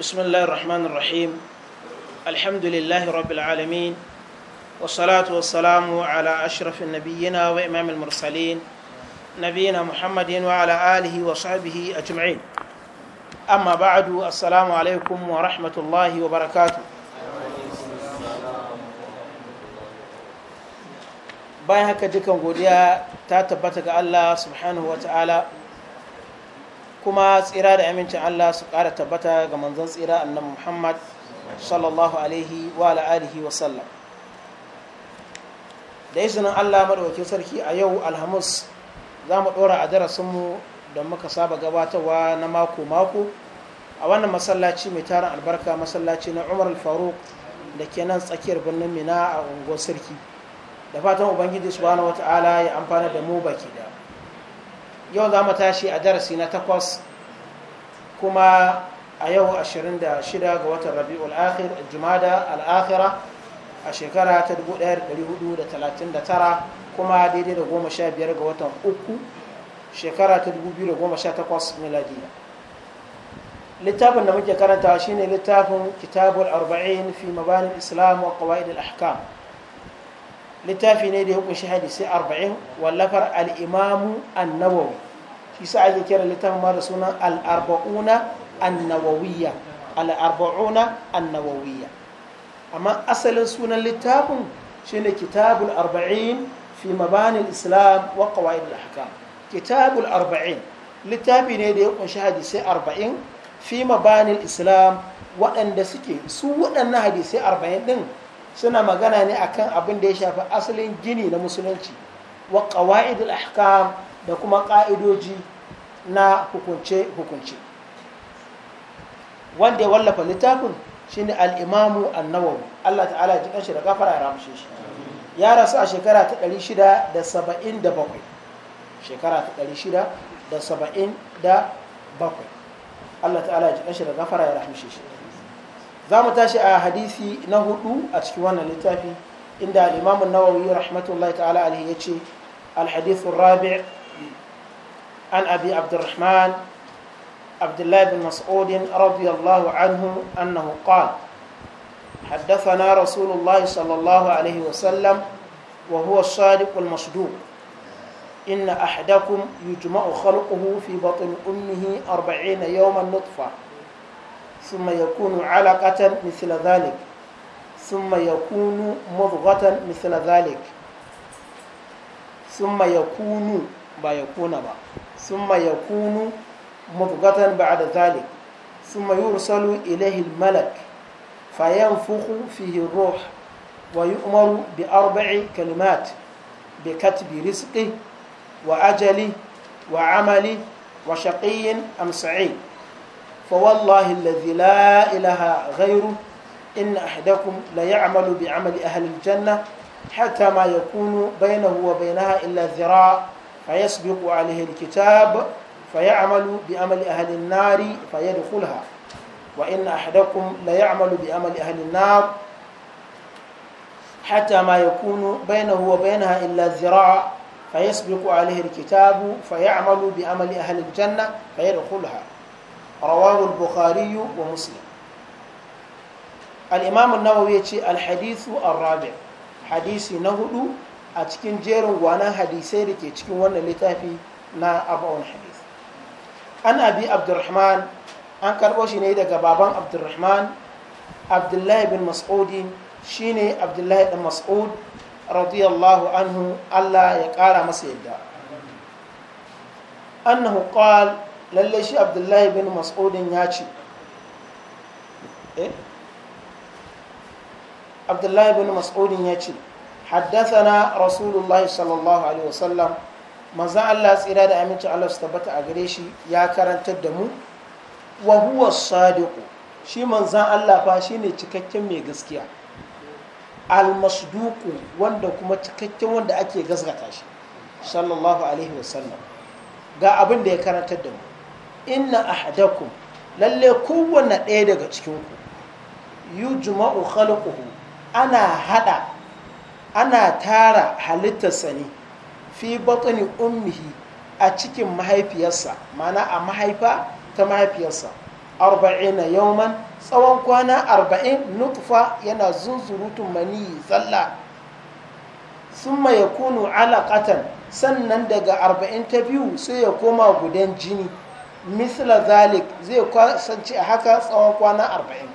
بسم الله الرحمن الرحيم الحمد لله رب العالمين والصلاة والسلام على أشرف النبيين وإمام المرسلين نبينا محمد وعلى آله وصحبه أجمعين أما بعد السلام عليكم ورحمة الله وبركاته بايها haka dukan تاتبتك الله سبحانه وتعالى kuma tsira da amincin Allah su ƙara tabbata ga manzon tsira annan Muhammad sallallahu alaihi wa alihi wa sallam da izinin Allah madaukakin sarki a yau alhamis za mu ɗora a darasinmu da muka saba gabatarwa na mako-mako a wannan masallaci mai taron albarka masallaci na umar faruk da ke nan tsakiyar birnin mina a unguwar sarki da fatan ubangiji subhanahu ta'ala ya amfana da mu baki da yau za mu tashi a darasi na takwas kuma a yau 26 ga watan rabi'ul akhir jumada al-akhira a shekara ta 1439 kuma daidai da 15 ga watan uku shekara ta 2018 miladiya littafin da muke karanta shine littafin kitabul arba'in fi mabanin islam wa qawaid al-ahkam littafi ne da ya kunshi hadisi arba'in wallafar al'imamu annawawi shi sa ake kira littafin ma da sunan al'arba'una annawawiyya al'arba'una annawawiyya amma asalin sunan littafin shi ne kitabul arba'in fi mabanin islam wa qawaid al haka kitabul arba'in littafi ne da ya kunshi hadisai arba'in fi mabanin islam waɗanda suke su waɗannan hadisai arba'in ɗin suna magana ne akan abin da ya shafi asalin gini na musulunci wa qawaidul ahkam da kuma ka'idoji na hukunce hukunce wanda ya wallafa littafin shine al-imamu an-nawawi Allah ta'ala ji shi da gafara ya ramshe shi ya rasu a shekara ta 677 shekara ta 677 Allah ta'ala ya ji da gafara ya rahmishe shi za mu tashi a hadisi na hudu a cikin wannan littafi inda al-imamu nawawi rahmatullahi ta'ala alaihi ya ce al-hadith rabi an abi abdurrahman abdullahi bin mas'ud radiyallahu anhu annahu qala حدثنا رسول الله صلى الله عليه وسلم وهو الصادق المصدوق إن أحدكم يجمع خلقه في بطن أمه أربعين يوما نطفة ثم يكون علقة مثل ذلك ثم يكون مضغة مثل ذلك ثم يكون با يكون با ثم يكون مضغة بعد ذلك ثم يرسل إليه الملك فينفخ فيه الروح ويؤمر بأربع كلمات بكتب رزقه وأجله وعمله وشقي أم سعيد فوالله الذي لا إله غيره إن أحدكم ليعمل بعمل أهل الجنة حتى ما يكون بينه وبينها إلا ذراع فيسبق عليه الكتاب فيعمل بعمل أهل النار فيدخلها وإن أحدكم ليعمل بعمل أهل النار حتى ما يكون بينه وبينها إلا ذراع فيسبق عليه الكتاب فيعمل بعمل أهل الجنة فيدخلها rawahu al wa muslim al-imam an-nawawi yace al-hadithu ar hadisi na hudu a cikin jerin gwanan hadisai da ke cikin wannan littafi na arba'un hadis an abi abdurrahman an karɓo shi ne daga baban abdurrahman abdullahi bin mas'udin shine abdullahi dan mas'ud radiyallahu anhu Allah ya ƙara masa yadda annahu qala lallai shi abdullahi bin mas'udin ya ce eh? abdullahi bin mas'udin ya ce na rasulullahi sallallahu alaihi wasallam manzan allah tsira da aminci allah su tabbata a gare shi ya karantar da mu wa huwa sadiqu shi manzan allah fa ne cikakken mai gaskiya almasduku wanda kuma cikakken wanda ake gasgata shi sallallahu alaihi wasallam ga abin da ya karantar da mu inna ahadakum lalle kowanne ɗaya daga cikinku juma'u khalquhu ana hada ana tara halittarsa ne fi batni ummihi a cikin mahaifiyarsa mana a mahaifa ta mahaifiyarsa arba'ina yauman tsawon kwana arba'in nutfa yana zunzurutun mani zalla summa ya kunu alaƙatan sannan daga arba'in ta biyu sai ya koma gudan jini misla zalik zai kasance a haka tsawon kwana arba'in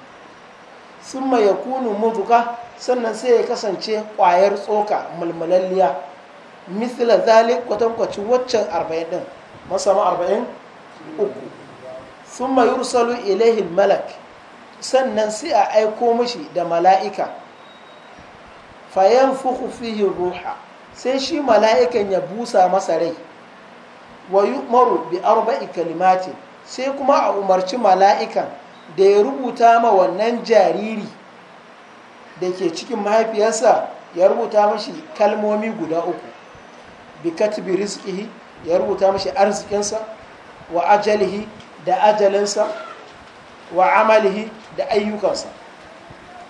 sun mai yakunu muzuka sannan sai ya kasance kwayar tsoka mulmulalliya misla zalik kwatankwacin waccan arba'in ɗin masama arba'in uku sun mai yursalu ilahin malak sannan sai a aiko mashi da mala'ika fayan fuhu ruha sai shi mala'ikan ya busa masa rai wa yu'maru bi arba'i kalimati sai kuma a umarci mala'ikan da ya rubuta ma wannan jariri da ke cikin mahaifiyarsa ya rubuta mashi kalmomi guda uku bi katbi rizqihi ya rubuta mashi arzikinsa wa ajalihi da ajalinsa wa amalihi da ayyukansa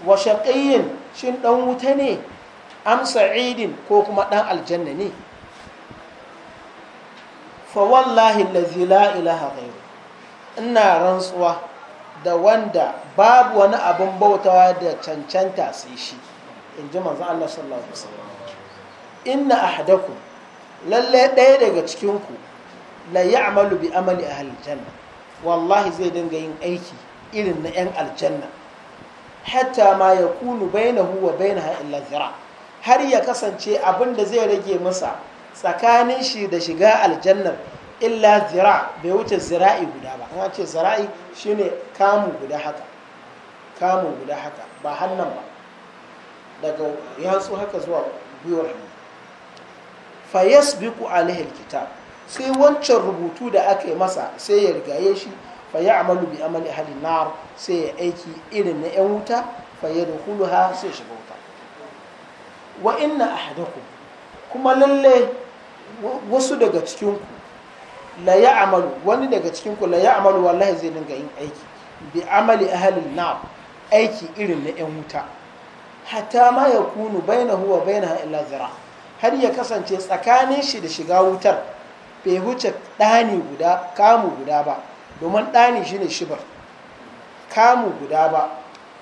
wa shaqiyyin shin ɗan wuta ne am sa'idin ko kuma ɗan aljanna ne fa wallahi allazi la ilaha ina rantsuwa da wanda babu wani abin bautawa da cancanta sai shi in ji manzon Allah sallallahu alaihi wasallam inna ahdaku lalle ɗaya daga cikinku la ya'malu bi amali ahli janna wallahi zai dinga yin aiki irin na yan aljanna hatta ma yakunu bainahu wa bainaha illa zira har ya kasance abin da zai rage masa tsakanin shi da shiga aljannar illa zira bai wuce zira'i guda ba an ce zira'i shine kamun guda haka kamun guda haka ba hannun ba daga yatsu haka zuwa gwiwar hannu fa yasbiqu alaihi alkitab sai wancan rubutu da aka yi masa sai ya rigaye shi fa ya'malu bi amali halin nar sai ya aiki irin na yan wuta fa yadkhuluha sai shiga wuta wa inna ahadakum kuma lalle wasu daga cikinku la ya amalu wani daga cikinku la ya amalu wallahi zai dinga yin aiki bi amali ahalin na aiki irin na yan wuta hatta ma ya kunu baina huwa baina illa zira har ya kasance tsakanin shi da shiga wutar bai huce ɗani guda kamu guda ba domin ɗani shine shibar kamu guda ba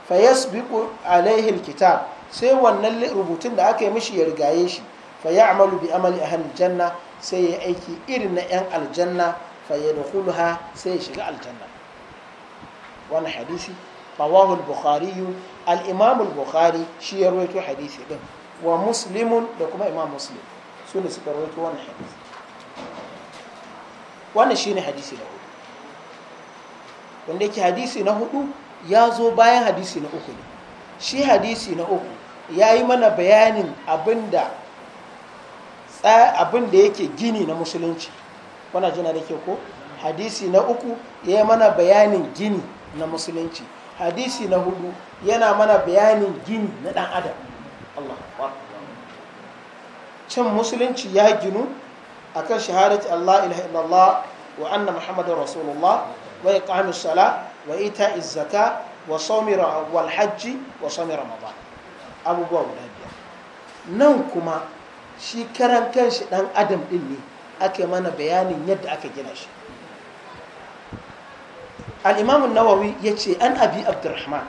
fa yasbiqu alaihi alkitab sai wannan rubutun da aka yi mishi ya rigaye shi fa ya'malu bi amali ahli janna sai ya aiki irin na yan aljanna fa yadkhuluha sai ya shiga aljanna wannan hadisi rawahu al-bukhari al-imam al-bukhari shi ya rawaito hadisi din wa muslimun da kuma imam muslim su ne suka rawaito wannan hadisi wannan shine hadisi na hudu wanda yake hadisi na hudu ya zo bayan hadisi na uku ne shi hadisi na uku ya yi mana bayanin abinda abin da yake gini na musulunci wana jina da ke ko hadisi na uku ya mana bayanin gini na musulunci hadisi na hudu yana mana bayanin gini na dan adam Allah cin musulunci ya ginu kan shahadati Allah ilaha illallah wa anna muhammadar rasulullah wa iqamis sala wa ita izaka wa sawmi wal hajji wa sawmi ramadan abubuwa guda biyar nan kuma shi karan kanshi dan adam din ne ake mana bayanin yadda aka gina shi al'imamun nawawi ya ce an abi abdurrahman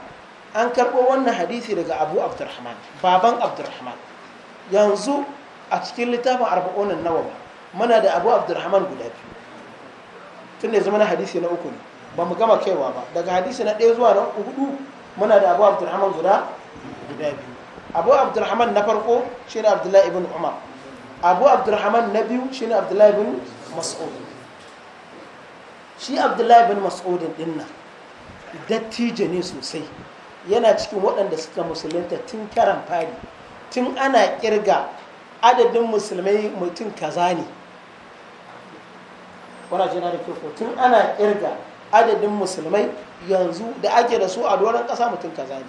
an karɓo wannan hadisi daga abu abdurrahman baban abdurrahman yanzu a cikin littafin arba'unan nawawi muna da abu abdurrahman guda biyu tun da zama na hadisi na uku ne ba mu gama kaiwa ba daga hadisi na ɗaya zuwa na hudu muna da abu abdurrahman guda biyu abu abdurrahman na farko shi ne abdullahi ibn umar abu abdurrahman na biyu shi ne abdullahi ibn mas'ud shi abdullahi ibn mas'ud din nan dattijo ne sosai yana cikin waɗanda suka musulunta tun karan fari tun ana kirga adadin musulmai mutum kaza ne wana jina da kyau tun ana kirga adadin musulmai yanzu da ake da su a doron ƙasa mutum kaza ne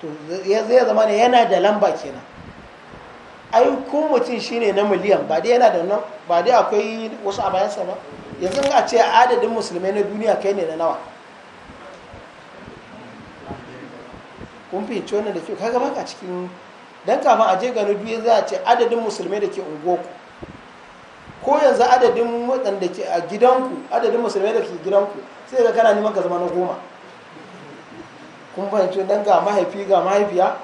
to zai zama ne yana da lamba kenan ai ko mutum shine na miliyan ba dai yana da nan ba dai akwai wasu a bayansa ba yanzu a ce adadin musulmai na duniya kai ne na nawa kun fahimci wannan da ke kaga baka cikin dan kafin a je gano duniya za a ce adadin musulmai da ke unguwarku ko yanzu adadin waɗanda ke a gidanku adadin musulmai da ke gidanku sai ga kana neman ka zama na goma kun fahimci dan ga mahaifi ga mahaifiya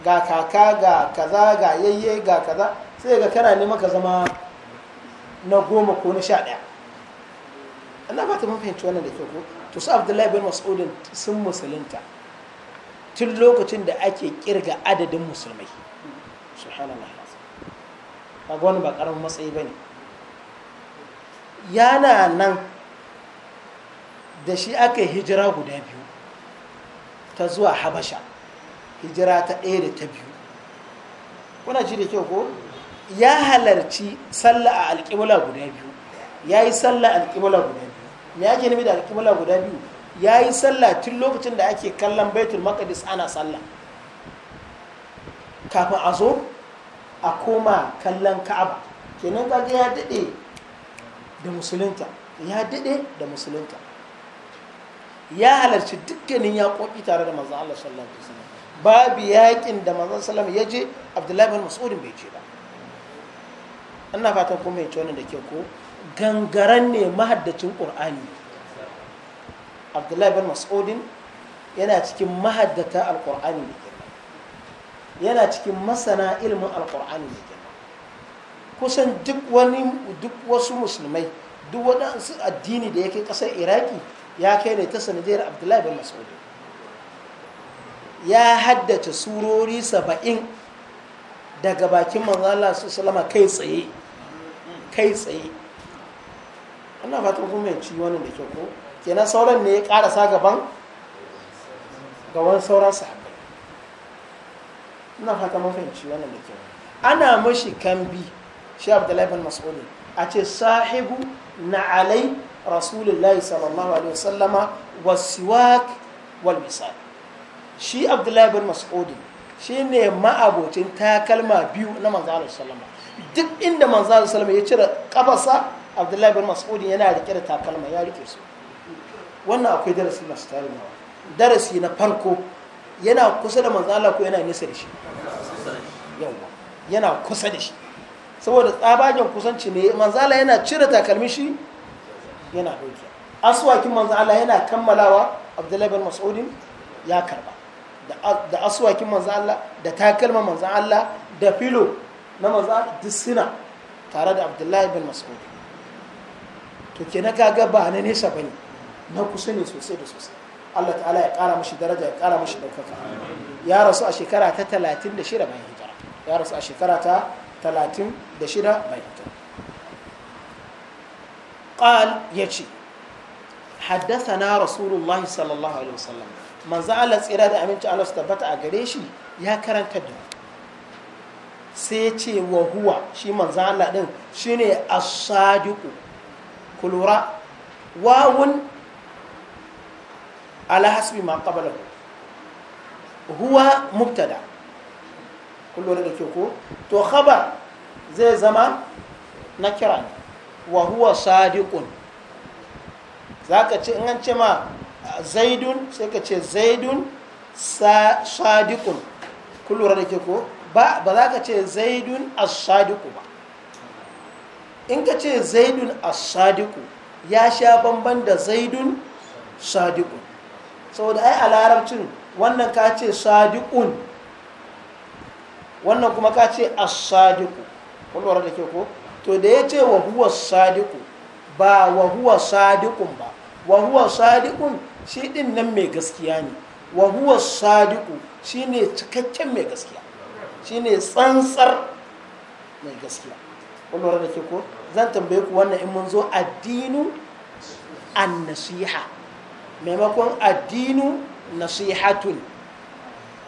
ga kaka ga kaza ga yayye ga kaza sai ga kana nema ka zama na goma ko na sha ɗaya ana ba ta mafahimci wannan da ke ko to su abdullahi bin mas'udin sun musulunta tun lokacin da ake kirga adadin musulmai subhanallah na wani ba karamin matsayi bane yana nan da shi aka yi hijira guda biyu ta zuwa habasha hijira ta ɗaya da ta biyu kuna ji da kyau ko ya halarci sallah a alƙibla guda biyu ya yi sallah a alƙibla guda biyu me ake nufi da alƙibla guda biyu ya yi sallah tun lokacin da ake kallon baitul maqdis ana sallah kafin a zo a koma kallon ka'aba kenan kaga ya daɗe da musulunta ya daɗe da musulunta ya halarci dukkanin ya yaƙoƙi tare da mazan Allah sallallahu alaihi wasallam babu yaƙin da mazan sallallahu alaihi wasallam ya je Abdullahi bin Mas'ud bai je ba ina fatan kun fahimci wannan da ke ko gangaran ne mahaddacin Qur'ani Abdullahi bin Mas'udin yana cikin mahaddata al da girma yana cikin masana ilmin alƙur'ani da girma kusan duk wani duk wasu musulmai duk wani addini da yake kasar iraki ya kai ne ta sanadiyar abdullahi bin mas'ud ya haddace surori saba'in daga bakin manzo su salama kai tsaye kai tsaye ana fatan kuma ya ci wannan da kyau ko kenan sauran ne ya karasa gaban gaban sauran sahabbai Ana fata mafi fahimci wani da kyau ana mashi kambi shi abdullahi bin mas'ud a ce sahibu na alai rasulullahi sallallahu alaihi wasallama wasiwak wal misal shi abdullahi bin mas'udin shi ne ma'abocin takalma biyu na manzan sallama duk inda manzan sallama ya cire kafasa abdullahi bin mas'udin yana rike da takalma ya rike su wannan akwai darasi masu tarin yawa darasi na farko yana kusa da manzan Allah ko yana nisa da shi yawa yana kusa da shi saboda tsabagen kusanci ne manzan Allah yana cire takalmin shi yana ɗauke aswakin manzan Allah yana kammalawa abdullahi bin mas'udin ya karba da aswakin manzan Allah da takalma manzan Allah da filo na manzan duk suna tare da abdullahi bin mas'udin to ke na kaga ba na nesa ba ne na kusa ne sosai da sosai Allah ta'ala ya ƙara mashi daraja ya ƙara mashi ɗaukaka ya rasu a shekara ta 36 bayan hijira ya rasu a shekara ta 36 bayan hijira qal yace haddathana rasulullah sallallahu alaihi wasallam manzo Allah tsira da aminci Allah su tabbata a gare shi ya karanta da sai ya ce huwa shi manzo Allah din shine as-sadiqu kulura wawun ala hasbi huwa mubtada kullu da ke ko to khabar zai zama na wa huwa sadiqun zaka ce in an ce ma zaidun sai ka ce zaidun sadiqun kun da ke ko ba za ka ce zaidun as-sadiqu ba in ka ce zaidun as-sadiqu ya sha bamban da zaidun sadiqu saboda ai a larabcin wannan ka ce sadiqun wannan kuma ka ce as-sadiqu kun da ke ko to da ya ce wa huwa sadiku ba wa huwa sadikun ba wa huwa sadikun shi din nan mai gaskiya ne wa huwa sadiku shi ne cikakken mai gaskiya shi ne tsantsar mai gaskiya kullum da ke ko zan tambaye ku wannan in mun zo addinu an nasiha maimakon addinu nasihatun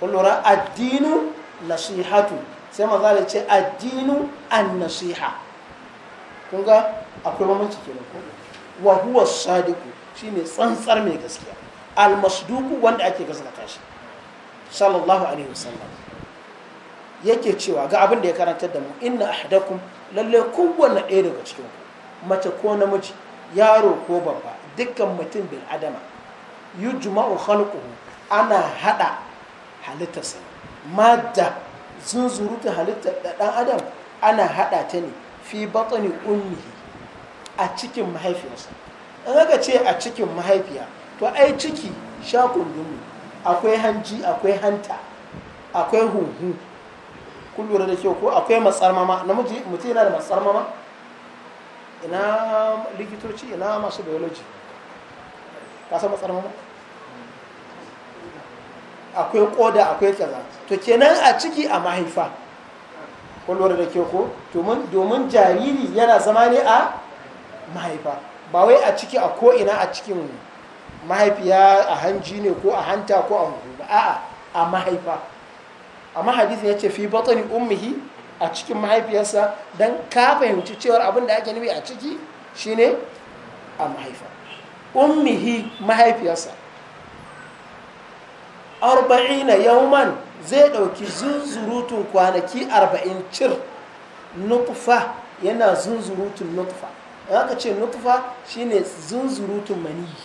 kullum addinu nasihatun sai maza da ce addinu an nasiha kun ga akwai bambanci kenan ko wa huwa shi ne tsantsar mai gaskiya almasduku wanda ake gaskata shi sallallahu alaihi wasallam yake cewa ga abin da ya karanta da mu inna ahdakum lalle kowanne ɗaya daga cikin ku mace ko namiji yaro ko babba dukkan mutum bil adama yujma'u khalquhu ana hada halittarsa madda halitta da dan adam ana hada ta ne fi batani ummihi a cikin mahaifiyarsa in aka ce a cikin mahaifiya to ai ciki shakun dumi akwai hanji akwai hanta akwai huhu kun lura da kyau ko akwai matsar mama namiji mutum yana da matsar mama ina likitoci ina masu biology ka san matsar mama akwai koda akwai kaza to kenan a ciki a mahaifa kullum da ke ko domin jariri yana zama ne a mahaifa ba wai a ciki a ko'ina a cikin mahaifiya a hanji ne ko a hanta ko a hudu ba a'a a mahaifa amma hadisin ya ce fi batani ummihi a cikin mahaifiyarsa don ka fahimci cewar abin da ake nufi a ciki shine a mahaifa ummihi mahaifiyarsa arba'ina yauman zai ɗauki zunzurutun kwanaki arba'in cir nutfa yana zunzurutun nutfa in aka ce nutfa shine zunzurutun maniyi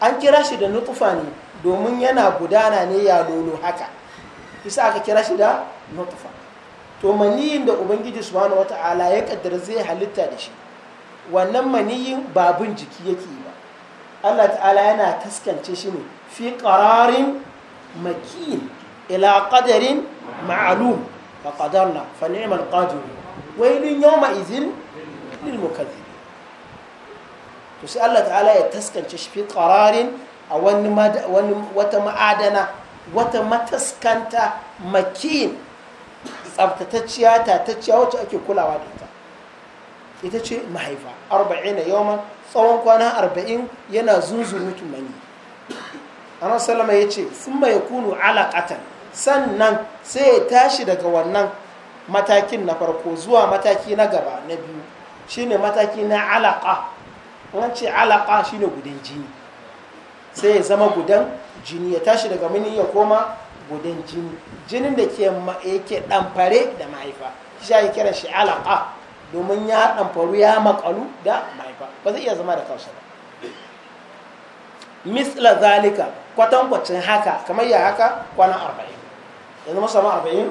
an kira shi da nutfa ne domin yana gudana ne ya lolo haka isa aka kira shi da nutfa to maniyin da ubangiji subhanahu wata'ala ya kaddara zai halitta da shi wannan maniyin babun jiki yake ba Allah ta'ala yana taskance shi ne fi ƙararin Makin ila qadarin ma'lum fa qadarna fa ni'mal qadir wailun yawma idhin lil mukaththibin to sai Allah ta'ala ya taskance shi fi qararin a wani wata ma'adana wata mataskanta makin tsabtatacciya tatacciya wacce ake kulawa da ita ita ce mahaifa arba'in na tsawon kwana arba'in yana zunzurutun mani annabi sallama ya ce sun mai kunu alaƙatan sannan sai ya tashi daga wannan matakin na farko zuwa mataki na gaba na biyu shine mataki na alaƙa an ce alaƙa shine gudan jini sai ya zama gudan jini ya tashi daga mini ya koma gudan jini jinin da ke yake ɗamfare da mahaifa shi ya kira shi alaƙa domin ya ɗamfaru ya maƙalu da mahaifa ba zai iya zama da kansa ba misla zalika kwatankwacin haka kamar ya haka kwana arba'in yanzu mu arba'in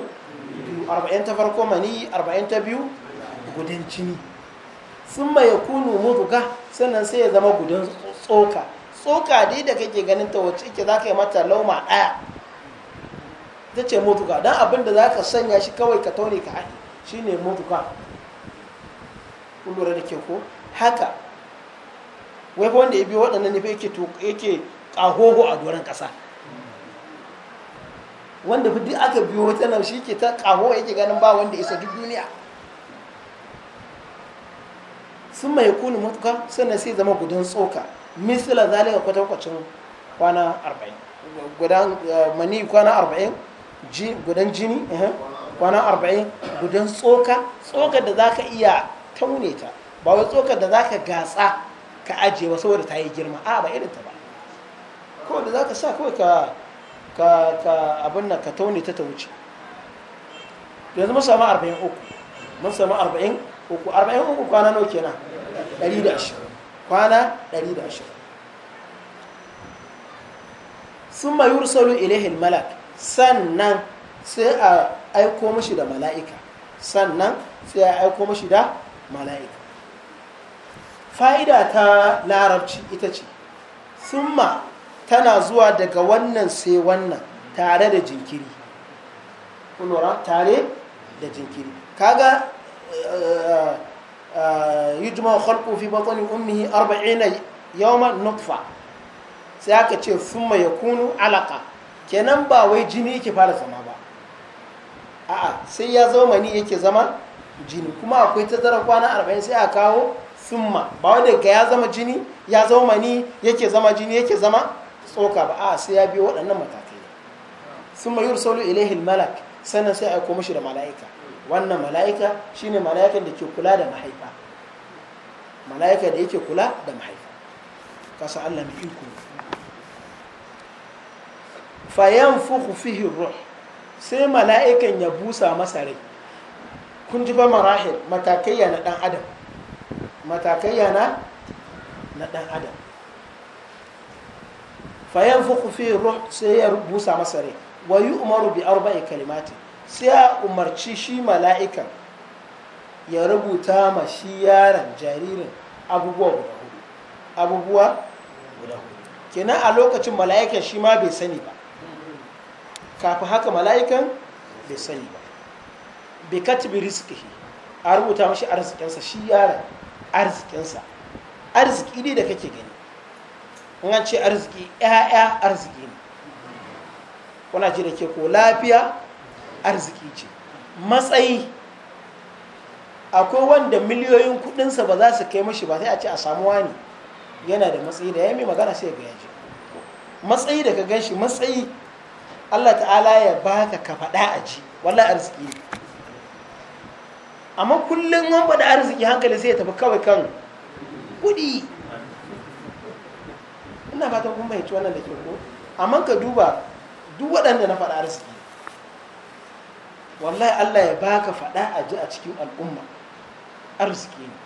arba'in ta farko mani arba'in ta biyu gudun jini sun mai kunu mutuka sannan sai ya zama gudun tsoka tsoka dai da kake ganin ta wacce ke za ka yi mata lauma ɗaya ta ce mutuka don abin da za ka sanya shi kawai ka taune ka haɗe shi ne mutuka kun da ke ko haka wai fa wanda ya biyo waɗannan nufi yake to yake ƙahoho a doron ƙasa wanda fa duk aka biyo wata nan shi ke ta ƙaho yake ganin ba wanda isa duk duniya sun mai kuni matuka sannan sai zama gudun tsoka misila zalika kwatankwacin kwana arba'in gudan eh, mani kwana arba'in gudan jini eh, kwana arba'in gudan tsoka tsokar da za ka iya taune ta ba wai tsokar da za ka gatsa ka ajiye ba saboda ta yi girma a ba irin ta ba kawai da za ka sa kawai ka ka ka abin nan ka taune ta ta wuce yanzu mun samu 43 mun samu 43 43 kwana nawa kenan 120 kwana 120 sun ma yursalu ilaihin malak sannan sai a aiko mashi da mala'ika sannan sai a aiko mashi da mala'ika fa'ida ta larabci ita ce summa tana zuwa daga wannan sai wannan tare da jinkiri kunura tare da jinkiri kaga eh, eh, juma khalqu fi batni ummihi 40 yawma nufa sai aka ce summa yakunu alaka kenan ba wai jini ke fara zama ba a'a sai ya zama mani yake zama jini kuma akwai tazarar kwana arba'in sai a kawo summa ba wanda ga ya zama jini ya zama mani yake zama jini yake zama tsoka ba a sai ya biyo waɗannan matakai summa yursalu ilayhi malak sannan sai a aiko mishi da mala'ika wannan mala'ika shine mala'ikan da ke kula da mahaifa mala'ika da yake kula da mahaifa kasa Allah mai iko fa yanfukhu fihi ruh sai mala'ikan ya busa masa rai kun ji ba marahil matakai na dan adam matakai yana na ɗan adam fayan fi ruh sai ya busa masa rai wa umaru bi arba'i kalimati sai ya umarci shi mala'ikan ya rubuta ma shi yaron jaririn abubuwa guda hudu abubuwa guda hudu kenan a lokacin mala'ikan shi ma bai sani ba kafin haka mala'ikan bai sani ba bai katibi rizkihi a rubuta mashi arzikinsa shi yaron arzikinsa arziki ne da kake gani an ce arziki ‘ya'ya arziki ne kuna ce da ke ko lafiya arziki ce matsayi akwai wanda miliyoyin kudinsa ba za su kai mashi ba sai a ce a samu wani yana da matsayi da ya mai magana sai ga yaji matsayi da ka gan matsayi Allah ta'ala ya baka ka faɗa a ji wallahi arziki ne amma kullum an faɗi arziki hankali sai ya tafi kawai kan kuɗi ina fatan kun bayyanci wannan da ke ko amma ka duba duk waɗanda na faɗi arziki wallahi Allah ya baka faɗa a ji a cikin al'umma arziki ne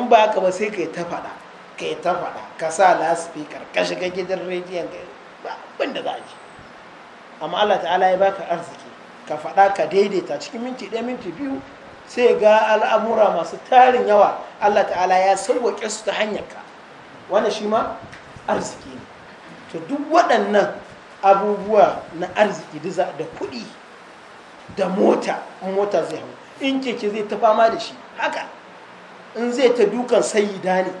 in ba ka ba sai ka yi ta faɗa ka yi ta faɗa ka sa laspikar ka shiga gidan rediyon ka ba abin da za a ji amma Allah ta'ala ya baka arziki ka faɗa ka daidaita cikin minti ɗaya minti biyu sai ga al'amura masu tarin yawa Allah ta'ala ya sauwaƙe su ta hanyarka wannan shi ma arziki ne to duk waɗannan abubuwa na arziki da kuɗi da mota mota zai hau in keke zai ta fama da shi haka in zai ta dukan sayi ne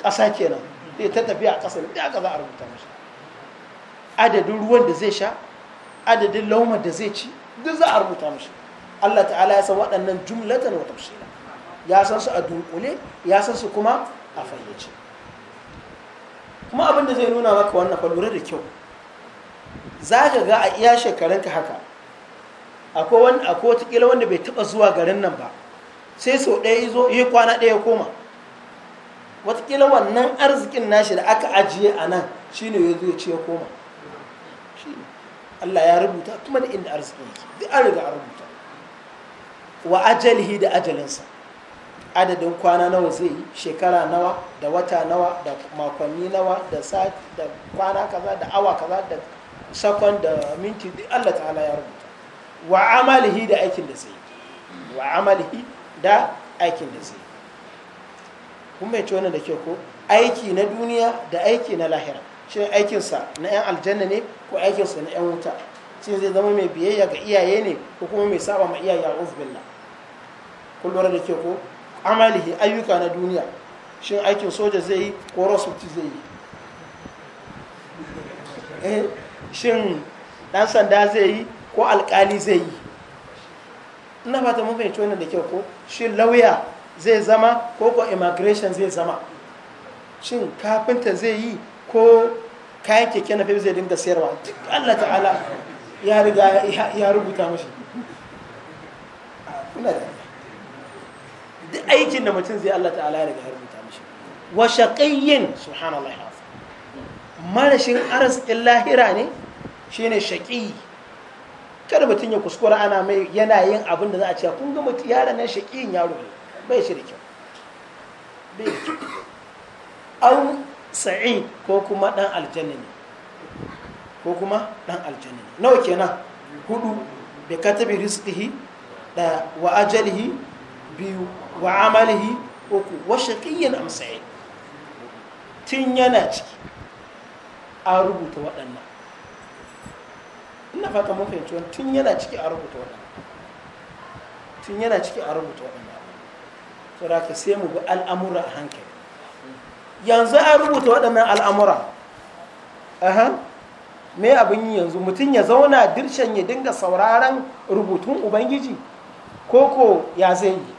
ƙasa kenan zai ta tafiya a ƙasa da aka za a rubuta mashi adadin ruwan da zai sha adadin laumar da zai ci duk za a rubuta mashi Allah ta'ala ya san waɗannan jumlatan wa tafsila ya san su a dunkule ya san su kuma a fayyace kuma abin da zai nuna maka wannan fa lura da kyau za ka ga a iya shekarunka haka akwai wani akwai kila wanda bai taba zuwa garin nan ba sai sau ɗaya zo yi kwana ɗaya koma watakila wannan arzikin nashi da aka ajiye a nan shine ya zo ya ce ya koma Allah ya rubuta kuma da inda arziki yake duk an riga an rubuta wa ajalihi da ajalinsa adadin kwana nawa zai yi shekara nawa da wata nawa da makonni nawa da sati da kwana kaza da awa kaza da sakon da minti duk Allah ta'ala ya rubuta wa amalihi da aikin da zai wa amalihi da aikin da zai kun mai ci da ke ko aiki na duniya da aiki na lahira shi aikinsa na 'yan aljanna ne ko aikinsa na 'yan wuta shi zai zama mai biyayya ga iyaye ne ko kuma mai saba ma iyaye a uzbillah kullum da ke ko amalihi ayyuka na duniya shin aikin soja zai yi ko rasulci zai yi eh, shin dan sanda zai yi ko alkali zai yi ina fata mun fahimci wannan da ke ko shin lauya zai zama ko ko immigration zai zama shin kafinta zai yi ko kayan keke na zai dinga sayarwa duk allah ta'ala ya ya rubuta mashi duk aikin da mutum zai Allah ta'ala ya riga ya rubuta mishi wa shaqiyyin subhanallahi azim marashin arzikin lahira ne shine shaqi kada mutum ya kuskura ana mai yana yin abin da za a ce kun ga mutum yaron nan shaqiyin yaro ne bai shi da kyau bai au sa'i ko kuma dan aljanna ne ko kuma dan aljanna ne nawa kenan hudu bi katabi rizqihi da wa ajalihi biyu wa amalihi uku wa shaqiyyan amsaye tun yana ciki a rubuta waɗannan ina fata mun fahimci wani tun yana ciki a rubuta waɗannan tun yana ciki a rubuta waɗannan saboda ka sai mu bi al'amura a hankali yanzu an rubuta waɗannan al'amura Ahan, me abin yi yanzu mutum ya zauna dirshen ya dinga sauraron rubutun ubangiji ko ko ya zai yi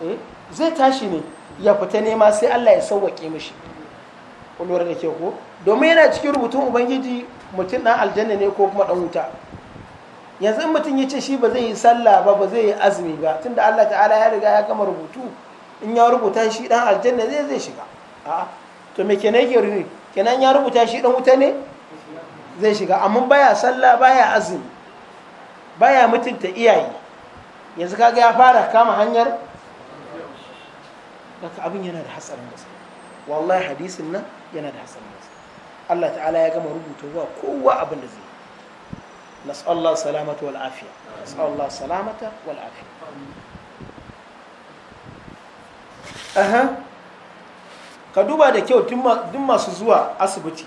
Eh? zai tashi ne ya fita nema sai Allah ya sauwaƙe mishi lura da ke ko domin yana cikin rubutun ubangiji mutum ɗan aljanna ne ko kuma ɗan wuta yanzu in mutum ya ce shi ba zai yi sallah ba ba zai yi azumi ba tunda Allah ta'ala ya riga ya gama rubutu in ya rubuta shi ɗan aljanna zai zai shiga to me kenan yake rini kenan ya rubuta shi ɗan wuta ne zai shiga amma baya sallah baya azumi baya mutunta iyaye yanzu kaga ya fara kama hanyar daga abin yana da hatsarin gaske wallahi hadisin nan yana da hatsarin gaske Allah ta'ala ya gama rubuta wa kowa abin da zai yi nas'allah salamata wal afiya nas'allah salamata wal afiya aha ka duba da kyau duk masu zuwa asibiti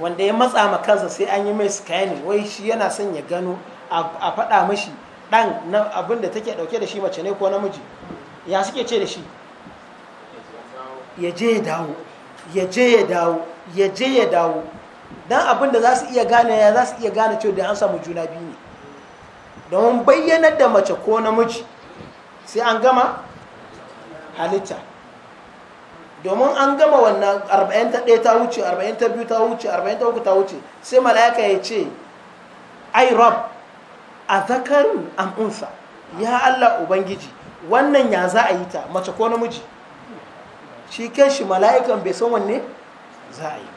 wanda ya matsa ma kansa sai an yi mai scanning wai shi yana son ya gano a faɗa mashi ɗan abin da take ɗauke da shi mace ne ko namiji ya suke ce da shi ya ya dawo yaje ya dawo yaje ya dawo don abin da za su iya gane ya za su iya gane cewa da an samu juna biyu ne domin bayyanar da mace ko namiji sai an gama halitta domin an gama wannan 41 ta wuce 42 ta wuce 43 ta wuce sai mala'ika ya ce ai rab a zakarun an unsa ya allah ubangiji wannan ya za a yi ta mace ko namiji shi kan shi mala'ikan bai san wanne za a yi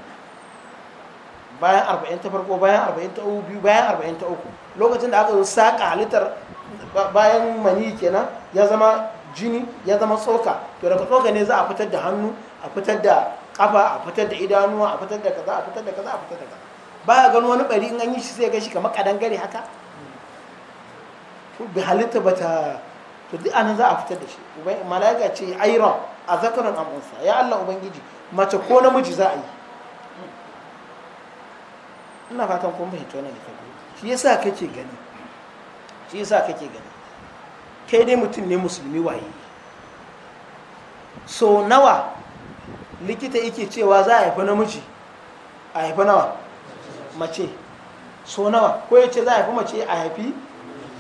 bayan arba'in ta farko bayan arba'in ta uku biyu bayan arba'in ta uku lokacin da aka zo saƙa halittar bayan mani kenan ya zama jini ya zama tsoka to daga tsoka ne za a fitar da hannu a fitar da kafa a fitar da idanuwa a fitar da kaza a fitar da kaza a fitar da kaza baya gano wani bari in an yi shi sai ga shi kamar kadangare haka halitta bata to duk anan za a fitar da shi mala'ika ce aira a zakarar amunsa ya Allah ubangiji mace ko namiji za a yi ina fatan kun fahimta wannan da shi yasa kake gani shi yasa kake gani kai dai mutum ne musulmi waye so nawa likita yake cewa za a haifa namiji a haifa nawa mace so nawa ko ya ce za a haifi mace a haifi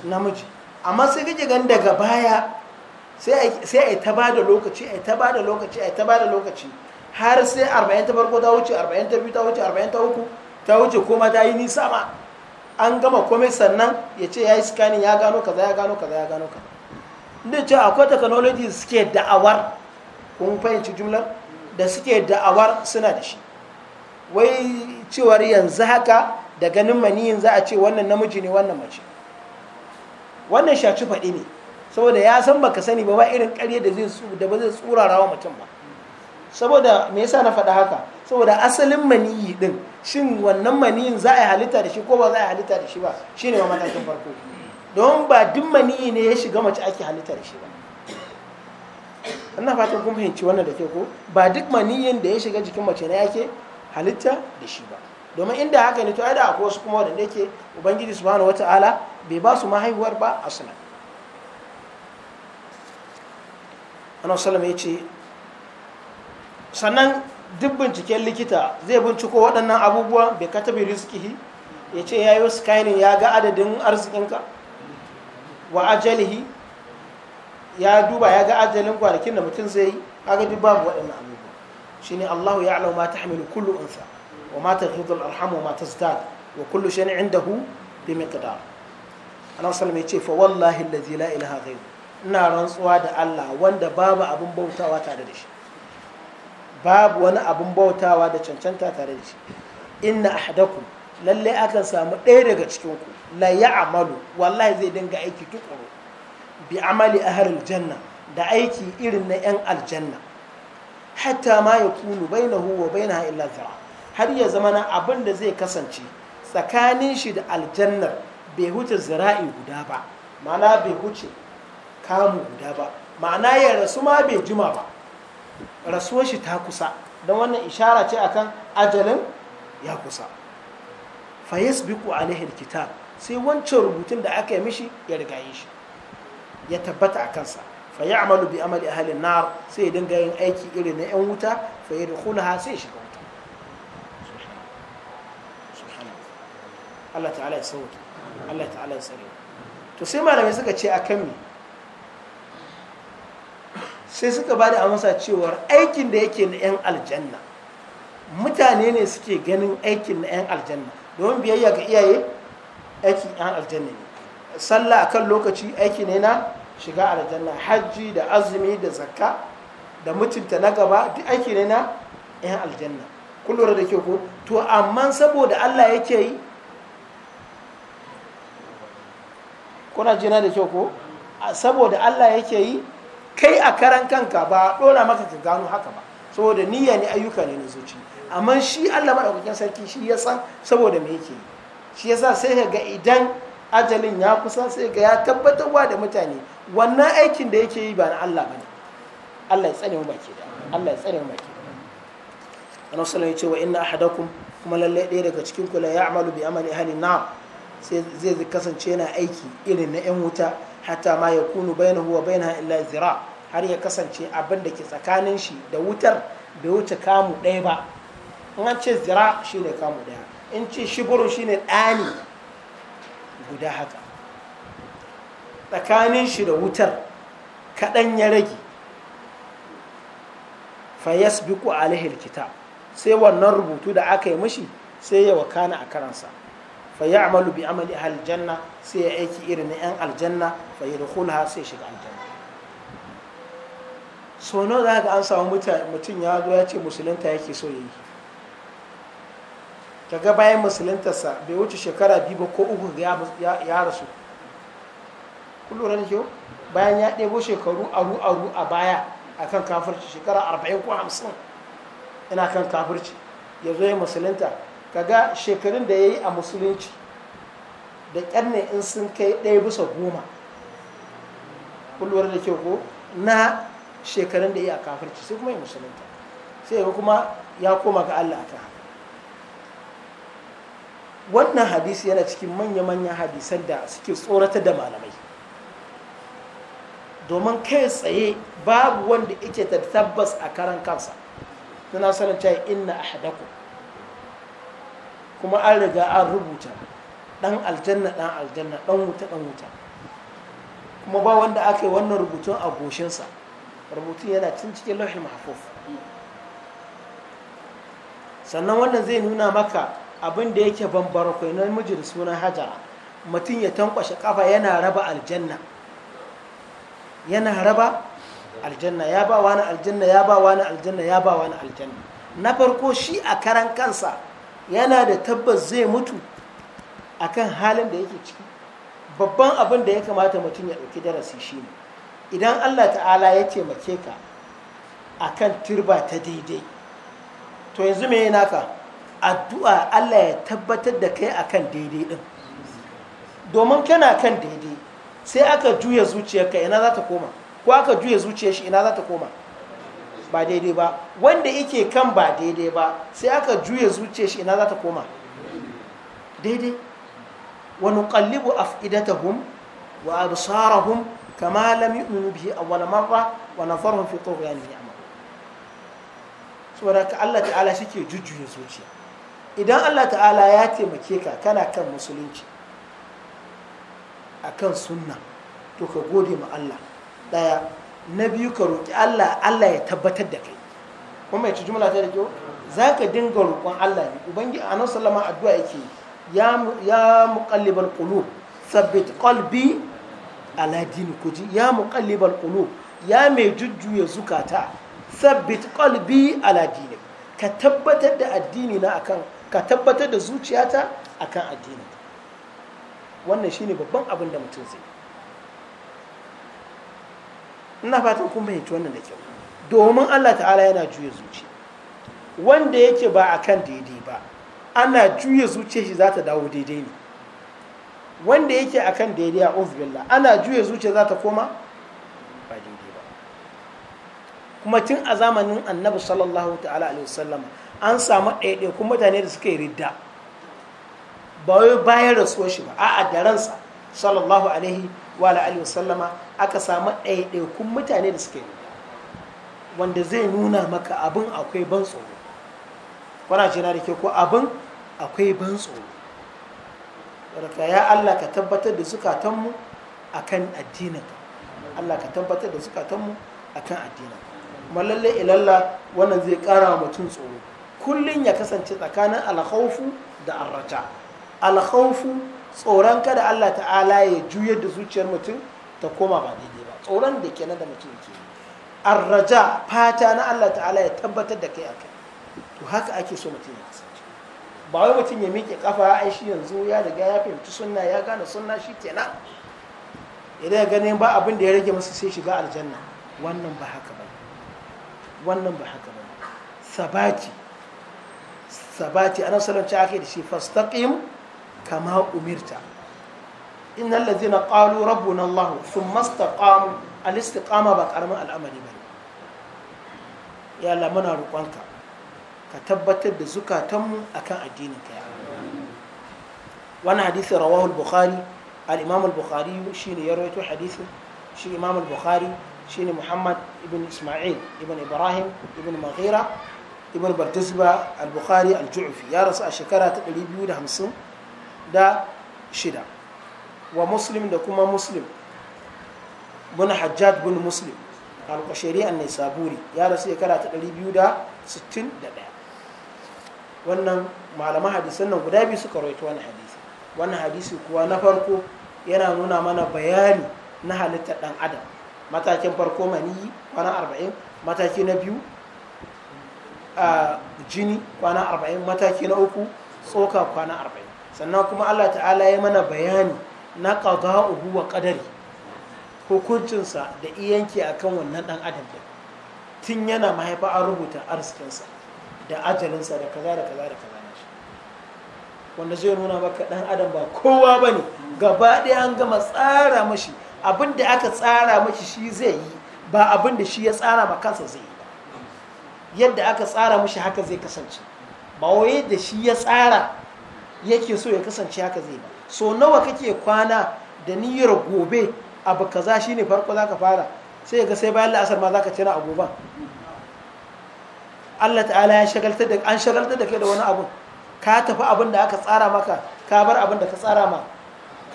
namiji amma sai kake gan daga baya sai a yi ta ba da lokaci a yi ta ba da lokaci a yi ta ba da lokaci har sai arba'in ta farko ta wuce arba'in ta biyu ta wuce arba'in ta uku ta wuce koma ta yi nisa ma an gama komai sannan ya ce ya yi scanning ya gano kaza ya gano kaza ya gano kaza Inda ce akwai technology suke da'awar kun fahimci jumlar da suke da'awar suna da shi wai cewar yanzu haka da ganin maniyin za a ce wannan namiji ne wannan mace wannan shaci faɗi ne saboda ya san baka sani ba ba irin ƙarya da zai da ba zai tsurara wa mutum ba saboda me yasa na faɗa haka saboda asalin maniyi din shin wannan maniyin za a halitta da shi ko ba za a halitta da shi ba shine ma matakin farko don ba duk maniyi ne ya shiga mace ake halitta da shi ba ina fatan kun fahimci wannan da ke ko ba duk maniyin da ya shiga jikin mace ne yake halitta da shi ba domin inda haka ne to ai da akwai wasu kuma wadanda yake ubangiji subhanahu wataala bai ba su mahaihuwar ba suna annabi salama ya ce sannan duk binciken likita zai binciko waɗannan abubuwan bai katabi rizkihi ya ce ya yi kainin ya ga adadin arzikinka wa ajalihi ya duba ya ga ajalin kwanakin da mutum zai yi ga duk babu waɗannan abubuwa shi ne Allahu ya alama ma hamilu kullu unsa wa ma tafidul arham wa ma tazdad wa kullu shay'in indahu bi miqdar annabi sallallahu ya ce fa wallahi lazila la ilaha ghayru ina rantsuwa da Allah wanda babu abin bautawa tare da shi babu wani abin bautawa da cancanta tare da shi inna ahadakum lallai akan samu ɗaya daga cikin ku laya amalu. wallahi zai dinga aiki tukuru bi amali ahlil janna da aiki irin na yan aljanna hatta ma ya yakunu bainahu wa bainaha illa zira har ya zama na abin da zai kasance tsakanin shi da aljannar bai huce zira'i guda ba ma'ana bai huce kamu guda ba ma'ana ya rasu ma bai jima ba rasuwar shi ta kusa don wannan ishara ce akan ajalin ya kusa fa yasbiqu alaihi alkitab sai wancan rubutun da aka yi mishi ya riga rigaye shi ya tabbata a kansa fa amalu bi amali halin nar sai ya dinga yin aiki irin na yan wuta fa yadkhulaha sai shiga Allah ta'ala ya sauke Allah ta'ala ya sare to sai malamai suka ce akan me sai suka ba da amsa cewar aikin da yake na 'yan aljanna mutane ne suke ganin aikin na 'yan aljanna domin biyayya ga iyaye aikin 'yan aljanna ne sallah a kan lokaci aiki ne na shiga aljanna hajji da azumi da zakka da mutunta na gaba duk aiki ne na 'yan aljanna kun da kyau ko to amma saboda allah yake yi kuna jina da kyau ko saboda Allah yake yi kai a karan kanka ba dora maka ka gano haka ba saboda niyya ne ayyuka ne na zuci amma shi Allah maɗaukakin sarki shi ya san saboda me yake yi shi yasa sai ka ga idan ajalin ya kusa sai ga ya tabbatarwa da mutane wannan aikin da yake yi ba na Allah ne. Allah ya tsare mu baki da Allah ya tsare mu baki da Annabi sallallahu alaihi wa inna ahadakum kuma lalle ɗaya daga cikin ku la ya'malu bi amali ahli na. zai kasance yana aiki irin na 'yan wuta hatta ma ya kunu bayan huwa bayan illa zira har ya kasance abin da ke tsakanin shi da wutar bai wuce kamu ɗaya ba in an ce zira shi ne kamu ɗaya in ce shiburu shi ne ɗani guda haka tsakanin shi da wutar kaɗan ya rage fayas biku alihil kitab sai wannan rubutu da aka yi mashi sai ya wakana a karansa fa ya'malu bi amali hal janna sai ya aiki irin na yan aljanna fa yadkhulha sai shiga aljanna so nawa za ga an samu mutum ya zo ya ce musulunta yake so yayi kaga bayan musuluntarsa bai wuce shekara biyu ba ko uku ya rasu kullum kyau bayan ya ɗebo shekaru aru aru a baya a kan kafirci shekara arba'in ko hamsin ina kan kafirci ya zo ya musulunta kaga shekarun da ya yi a musulunci da ƙyar in sun kai ɗaya bisa goma kulwar da ke ko na shekarun da ya yi a kafirci sai kuma ya musulunta sai ya kuma ya koma ga Allah akan haka wannan hadisi yana cikin manya-manyan hadisan da suke tsorata da malamai domin kai tsaye babu wanda ike ta tabbas a karan kansa suna sanin cewa inna ahadakum kuma an riga an rubuta dan aljanna dan aljanna dan wuta dan wuta kuma ba wanda aka yi wannan rubutun a goshinsa rubutun yana cin cikin lauhin mahfuf sannan wannan zai nuna maka abin da yake bambara kai na miji da sunan hajara mutum ya tankwashe kafa yana raba aljanna yana raba aljanna ya ba wani aljanna ya ba wani aljanna ya ba wani aljanna na farko shi a karan kansa yana da tabbas zai mutu akan halin da yake ciki babban abin da ya kamata mutum ya ɗauki darasi shine idan allah ta'ala ya taimake ka akan turba ta daidai to yanzu me naka addu'a allah ya tabbatar da kai akan daidai din domin kana kan daidai sai aka juya zuciyarka ina za ta koma ko aka juya zuciyar shi ina za ta koma ba daidai ba wanda yake kan ba daidai ba sai aka juya zuciya shi ina za ta koma daidai wa nuqallibu afidatahum wa absarahum kama lam yu'minu bihi awwal marra wa nafarhum fi tughyanihim ya'malun saboda ka Allah ta'ala shike jujjuya zuciya idan Allah ta'ala ya taimake ka kana kan musulunci akan sunna to ka gode ma Allah ɗaya. na biyu ka roƙi Allah Allah ya tabbatar da kai kuma ya ci jumla ta da kyau za ka dinga roƙon Allah ne ubangi a nan sallama addu'a yake ya muqallibal qulub thabbit qalbi ala dini kuji ya muqallibal qulub ya mai jujjuya zukata thabbit qalbi ala ka tabbatar da addini na akan ka tabbatar da zuciyata akan addini wannan shine babban abin da mutum zai ina fatan kun fahimci wannan da kyau domin Allah ta'ala yana juya zuci wanda yake ba a kan daidai ba ana juya zuciyar shi za ta dawo daidai ne wanda yake a kan daidai a ofbilla ana juya zuciya za ta koma ba daidai ba kuma tun a zamanin annabi sallallahu ta'ala alaihi wasallama an samu kuma mutane da suka yi ridda ba wai bayan rasuwar shi ba a'a da ransa sallallahu alaihi wa alihi wasallama aka samu ɗaiɗaikun mutane da suke wanda zai nuna maka abin akwai ban tsoro wana ce na da ke ko abin akwai ban tsoro barka ya Allah ka tabbatar da zukatanmu akan addinaka. Allah ka tabbatar da zukatanmu akan kan ilalla wannan zai kara wa mutum tsoro kullum ya kasance tsakanin alhaufu da arraja alhaufu tsoron kada Allah ta'ala ya juyar da zuciyar mutum ta koma ba daidai ba tsoron da kenan da mutum ke arraja fata na Allah ta'ala ya tabbatar da kai akai to haka ake so mutum ya kasance ba wai mutum ya miƙe kafa ai shi yanzu ya riga ya fahimci sunna ya gane sunna shi kenan idan ya ganin ba abin da ya rage masa sai shiga aljanna wannan ba haka ba wannan ba haka ba sabati sabati ana salon ci ake da shi fastaqim kama umirta inna na qalu rabbuna allah thumma istaqamu al istiqama ba karamin al'amari bane ya Allah muna roƙonka ka tabbatar da zukatanmu akan addinin ka ya wannan hadisi rawahu al-bukhari al-imam al-bukhari shine ya rawaito hadisin shi imam al-bukhari shine muhammad ibn isma'il ibn ibrahim ibn maghira ibn bartisba al-bukhari al-ju'fi ya rasu a shekara ta biyu da da shida. wa muslim da kuma muslim bin hajjaj bin muslim al-qashari an saburi ya rasu shekara ta 261 wannan malaman hadisan nan guda biyu suka rawaito wannan hadisi wannan hadisi kuwa na farko yana nuna mana bayani na halittar dan adam matakin farko maniyi kwana arba'in mataki na biyu a jini kwana arba'in mataki na uku tsoka kwana arba'in sannan kuma allah ta'ala ya mana bayani na qada'uhu wa ƙadari hukuncinsa da iyanki kan wannan ɗan adam da tun yana mahaifa an rubuta arzikinsa da ajalinsa da kaza da kaza da kaza na shi. wanda zai nuna maka ɗan adam ba kowa ba ne. gaba ɗaya an gama tsara mashi abin da aka tsara mashi shi zai yi ba abin da shi ya tsara ba kansa zai yi ba yadda aka tsara mashi haka zai kasance ba wai da shi ya tsara yake so ya kasance haka zai ba so nawa kake kwana da niyyar gobe abu shi shine farko zaka fara sai ga sai bayan la'asar ma ka cina agoban Allah ta'ala ya shagaltar da an shagaltar da kai da wani abu ka tafi abin da aka tsara maka ka bar abin da ka tsara ma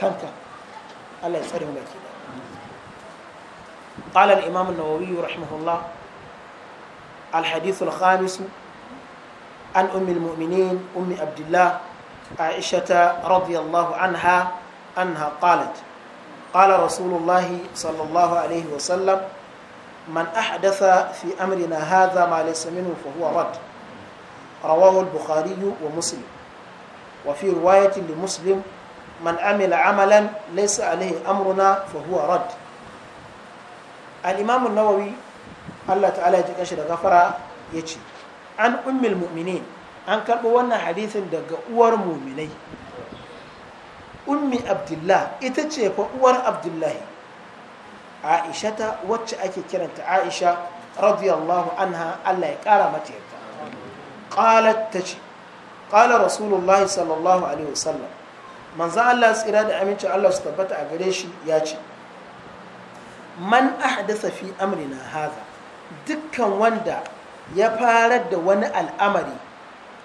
kanka Allah ya tsare mu baki قال الإمام النووي رحمه الله الحديث الخامس عن أم المؤمنين أم عبد الله عائشة رضي الله عنها أنها قالت قال رسول الله صلى الله عليه وسلم من أحدث في أمرنا هذا ما ليس منه فهو رد رواه البخاري ومسلم وفي رواية لمسلم من عمل عملا ليس عليه أمرنا فهو رد الإمام النووي الله تعالى يجزاه غفرة يجي عن أم المؤمنين an karɓo wannan hadisin daga uwar muminai ummi abdullah ita ce fa uwar abdullahi A'ishata wacce ake kiranta aisha radiyallahu anha allah ya ƙara mata yarda qalat ta ce qala rasulullahi sallallahu alaihi wasallam manzo allah tsira da amincin allah su tabbata a gare shi ya ce man ahdasa fi amrina haza dukkan wanda ya farar da wani al'amari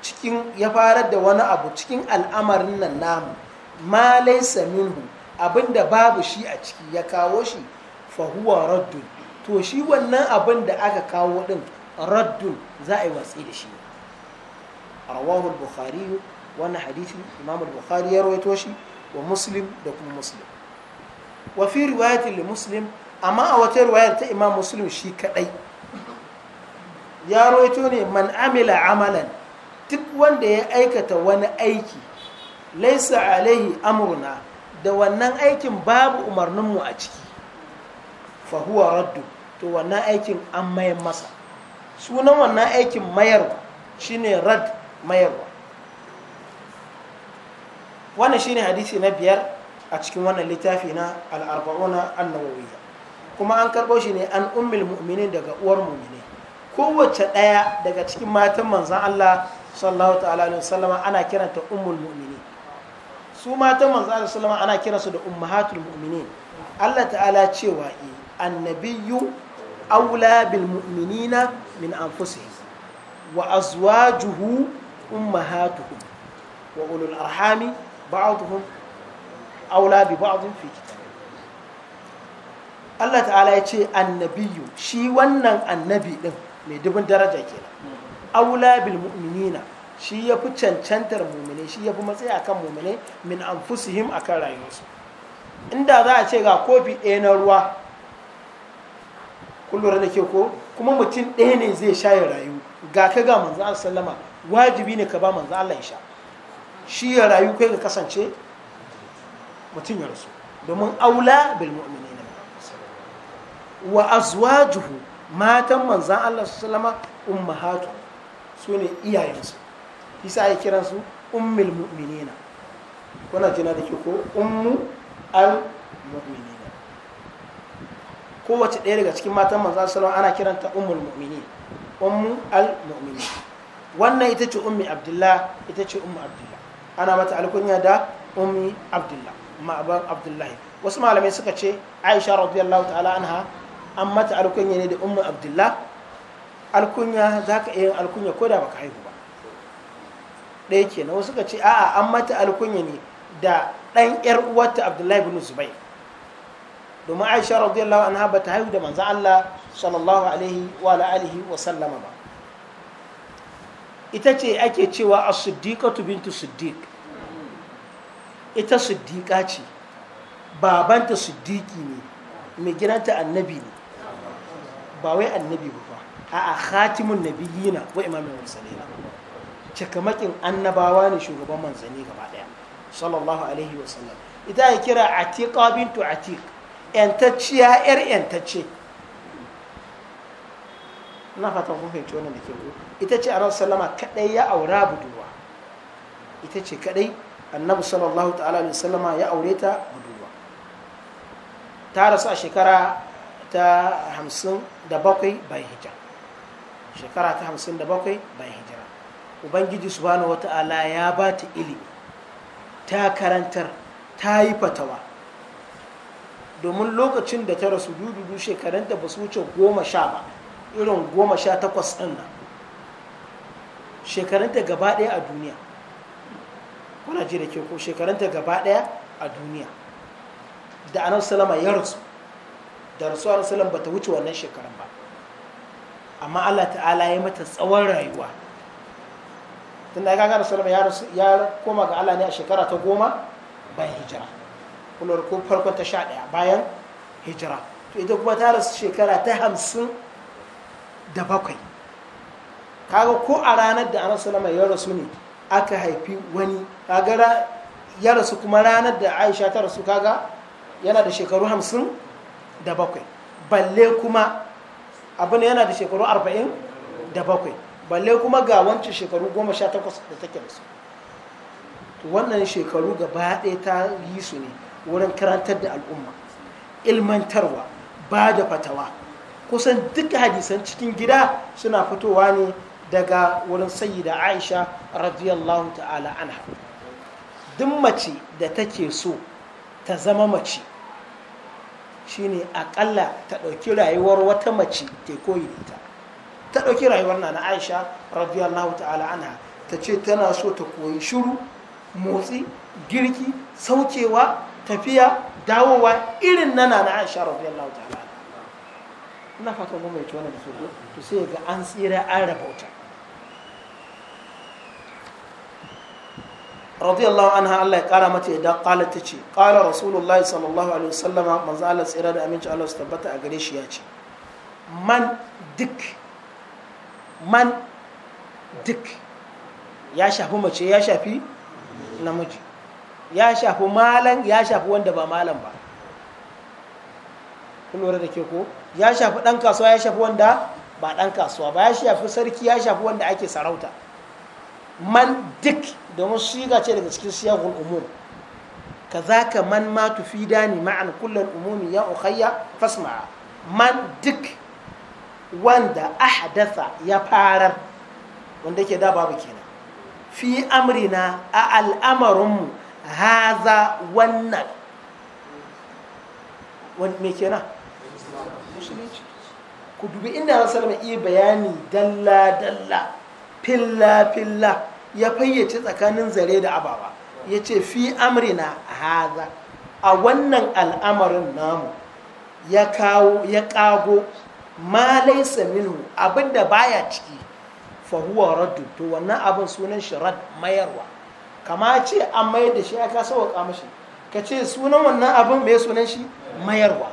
cikin ya farar da wani abu cikin al'amarin nan namu ma laysa minhu abinda babu shi a ciki ya kawo shi fa huwa raddun to shi wannan abin da aka kawo din raddun za a yi watsi da shi rawahu al-bukhari wannan hadisi imam al ya rawaito shi wa muslim da kuma muslim wa fi riwayati muslim amma a wata riwayar ta imam muslim shi kadai ya rawaito ne man amila amalan duk wanda ya aikata wani aiki laisa alaihi amurna da wannan aikin babu umarninmu a ciki fahuwa raddu to wannan aikin an mayan masa sunan wannan aikin mayarwa shine rad mayarwa wannan shine hadisi na biyar a cikin wannan littafi na al'arba'una annawawiyya kuma an karɓo shi ne an ummul mu'minin daga uwar mu'mini kowace ɗaya daga cikin matan manzan Allah sallallahu ta'ala alaihi wasallama ana kiranta ummul mu'minin su matan manzo alaihi wasallama ana kiransu da ummahatul mu'minin Allah ta'ala cewa eh annabiyyu aula bil mu'minina min anfusihim wa azwajuhu ummahatuhum wa ulul arhami ba'dhum aula bi ba'dhin fi kitab Allah ta'ala ya ce annabiyu shi wannan annabi din mai dubin daraja kenan aula bil mu'minina shi ya fi cancantar mumine shi ya fi matsayi akan mumine min anfusihim akan rayuwarsu inda za a ce ga kofi ɗaya na ruwa kullum da ke ko kuma mutum ɗaya ne zai sha ya rayu ga ka ga manzo sallama wajibi ne ka ba manzo Allah ya sha shi ya rayu kai ka kasance mutum ya rasu domin aula bil mu'minina wa azwajuhu matan manzan Allah sallama ummahatu su ne iyayensu isa ya kira su ummul mu'minina kuna jina da ke ko ummu al mu'minina kowace ɗaya daga cikin matan manzo sallallahu ana kiranta ummul mu'minin ummu al mu'minin wannan ita ce ummi abdullah ita ce ummu abdullah ana mata alkunya da ummi abdullah ma'aban abdullah wasu malamai suka ce aisha radiyallahu ta'ala anha an mata alkunya ne da ummu abdullah alkunya za ka iya alkunya ko da baka haihu ba ɗaya ke na wasu ka ce a'a an mata alkunya ne da ɗan yar uwarta abdullahi bin zubai domin aisha radiyallahu anha ba ta haihu da manzan allah sallallahu alaihi wa alihi wa sallama ba ita ce ake cewa a siddiqatu bintu siddiq ita siddiqa ce babanta siddiqi ne mai gidanta annabi ne ba wai annabi ba a'a khatimun nabiyina wa imamul mursalin cikamakin annabawa ne shugaban manzanni gaba daya sallallahu alaihi wa sallam ita ya kira atiqa bintu atiq yantacciya yar yantacce na fatan kun fahimci wannan da ke ku ita ce a sallama kadai ya aura budurwa ita ce kadai annabi sallallahu ta'ala alaihi sallama ya aure ta budurwa ta rasu a shekara ta hamsin da bakwai bayan hijab shekara ta hamsin da bakwai bayan hijira ubangiji subhanahu ala ya ba ta ilimi ta karantar ta yi fatawa domin lokacin da ta rasu dududu shekarunta ba su wuce goma sha ba irin goma sha takwas ɗin nan ta gaba ɗaya a duniya kuna ji da ke ko ta gaba ɗaya a duniya da anan salama ya rasu da rasu anan salama ba ta wuce wannan shekarun ba amma Allah ta'ala ya mata tsawon rayuwa tun da ya gaga Rasulullah ya koma ga Allah ne a shekara ta goma bayan hijira kullum ko farkon ta sha ɗaya bayan hijira to ita kuma ta rasu shekara ta hamsin da bakwai kaga ko a ranar da ana salama ya rasu ne aka haifi wani kaga ya rasu kuma ranar da aisha ta rasu kaga yana da shekaru hamsin da bakwai balle kuma abin yana da shekaru arba'in da bakwai balle kuma ga wancan shekaru goma sha takwas da take da su wannan shekaru gaba ɗaya ta yi su ne wurin karantar da al'umma ilmantarwa ba da fatawa kusan duka hadisan cikin gida suna fitowa ne daga wurin sayi da aisha radiyallahu ta'ala anha duk mace da take so ta zama mace shine akalla ta ɗauki rayuwar wata mace ke koyi da ita ta ɗauki rayuwar na na aisha radiyallahu ta'ala anha ta ce tana so ta koyi shuru motsi girki saukewa tafiya dawowa irin na na aisha radiyallahu ta'ala ina fatan mu mai tona da su to sai ga an tsira an rabauta radiyallahu anha Allah ya kara mata yadda kala ta ce kala rasulullah sallallahu alaihi wasallam manzo Allah tsira da aminci Allah su tabbata a gare shi ya ce man duk man duk ya shafi mace ya shafi namiji ya shafi malam ya shafi wanda ba malam ba kun da ke ko ya shafi dan kasuwa ya shafi wanda ba dan kasuwa ba ya shafi sarki ya shafi wanda ake sarauta man duk domin siga ce daga cikin siyahul umum kazaka man ma ni ma'an kullum umumi ya ukhayya fasma'a man duk wanda ahdasa ya farar wanda ke da babu kenan fi amrina a al'amarinmu haza wannan me kenan ku dubi inda hasalama iya bayani dalla-dalla filla-filla ya fayyace tsakanin zare da ababa ya ce fi amrina haza a wannan al'amarin namu ya kawo ya kago ma laisa minhu abinda baya ciki fa huwa raddu to wannan abin sunan shi rad mayarwa kama ce an mayar da shi ya kasa wa mashi ka ce sunan wannan abin mai sunan shi mayarwa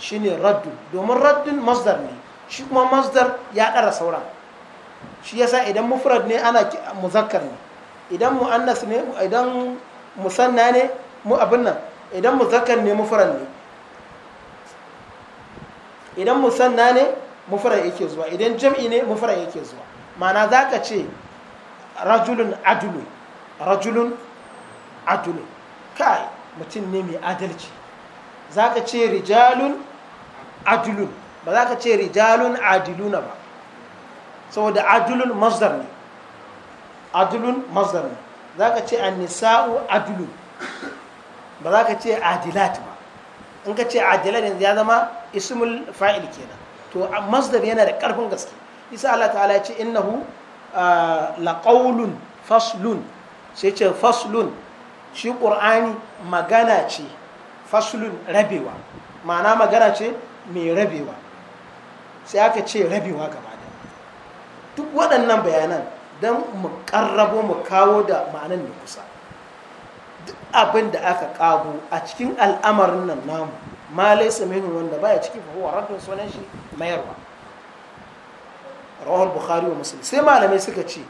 shine raddu domin raddun masdar ne shi kuma masdar ya ɗara sauran shi yasa idan mufrad ne ana muzakkar ne idan muannas ne idan musanna ne mu abin nan idan muzakkar ne mufrad ne idan musanna ne mufrad yake zuwa idan jam'i ne mufrad yake zuwa ma'ana za ka ce rajulun adulu rajulun adulu kai mutum ne mai adalci za ka ce rijalun adulun ba za ka ce rijalun adiluna ba saboda adulun masdar ne adulun masdar ne za ka ce nisa'u adulun ba za ka ce adilat ba in ka ce adilat yanzu ya zama ismul fa'il kenan to masdar yana da karfin gaske isa Allah ta'ala ya ce innahu laƙaulun faslun sai ce faslun shi qur'ani magana ce faslun rabewa ma'ana magana ce mai rabewa sai aka ce rabewa gaba duk waɗannan bayanan don mu ƙarrabo mu kawo da ma'anan da kusa duk abin da aka ƙago a cikin al'amarin nan namu ma laisa minhu wanda baya ciki fa huwa raddun sunan shi mayarwa rawal bukhari wa muslim sai malamai suka ce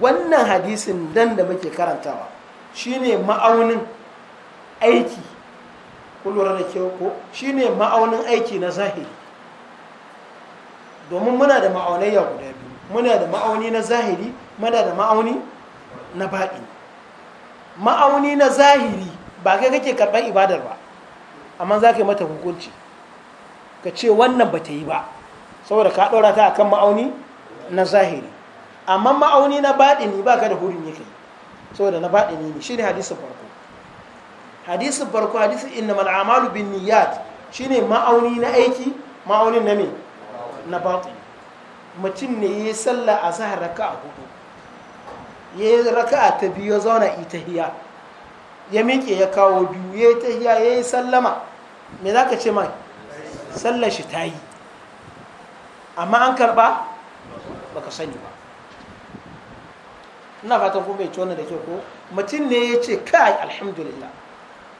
wannan hadisin dan da muke karantawa shine ma'aunin aiki kullura da kyau ko shine ma'aunin aiki na zahiri domin muna da ya guda muna da ma'auni na zahiri muna da ma'auni na baɗi ma'auni na zahiri ba kai kake karɓar ibadar ba amma za ka yi mata hukunci ka ce wannan ba ta yi ba saboda ka ɗora ta akan ma'auni na zahiri amma ma'auni na ne ba ka da hurin yake saboda na baɗi ne shi ne hadisin farko hadisin farko hadisin inna mal'amalu bin niyyat ne ma'auni na aiki ma'aunin na me na baɗi mutum ne ya yi sallah a zahar raka a hudu ya yi raka a ta biyu ya zauna itahiya ya miƙe ya kawo biyu ya yi tahiya ya yi sallama me za ka ce mai sallar shi ta yi amma an karɓa ba ka sani ba ina fatan kuma ya ci da ke ko mutum ne ya ce kai alhamdulillah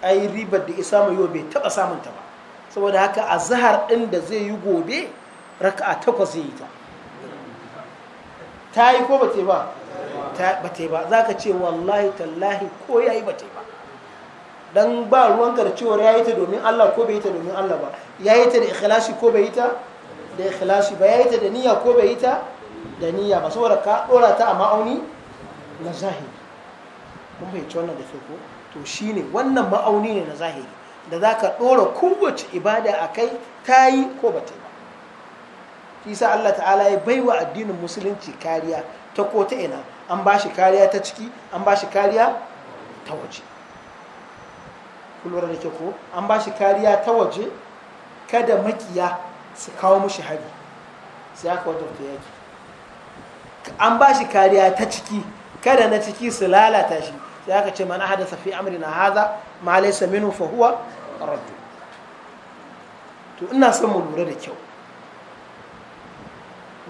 ai ribar da isa samu yau bai taɓa samunta ba saboda haka a zahar ɗin da zai yi gobe raka'a takwas zai yi ta ta yi ko ba ta yi ba ba ta yi ba za ka ce wallahi tallahi ko ya yi ba ta yi ba Don ba ruwan da cewar ya yi ta domin Allah ko bai yi ta domin Allah ba ya yi ta da ikhlasi ko bai yi ta da ikhlasi ba ya yi ta da niyya ko bai yi ta da niyya ba saboda ka dora ta a ma'auni na zahiri kun bai wannan da ke ko to shine wannan ma'auni ne na zahiri da za ka dora kowace ibada a kai ta yi ko ba ta yi isa Allah ta'ala ya baiwa addinin musulunci kariya ta ko ta ina an ba shi kariya ta ciki an ba shi kariya ta waje kulwar da ke ko an ba shi kariya ta waje kada makiya su kawo mushi hari sai aka wata wata yaki an ba shi kariya ta ciki kada na ciki su lalata shi sai aka ce hada safi amri na haza ma laysa minhu fa huwa raddu to ina son mu lura da kyau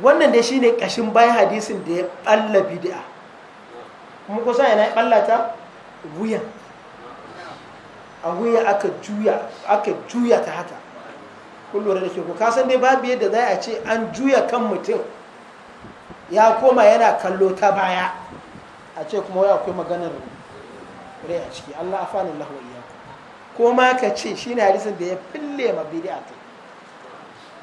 wannan dai shine kashin bayan hadisin da ya balla bid'a kuma kusa yana ya balla ta a wuya aka juya aka juya ta haka kun da ke ku kasan dai babu yadda za a ce an juya kan mutum ya koma yana kallo ta baya a ce kuma wai akwai maganar rai a ciki Allah afani Allah wa iyyaku ko ma ka ce shine hadisin da ya fille ma bid'a ta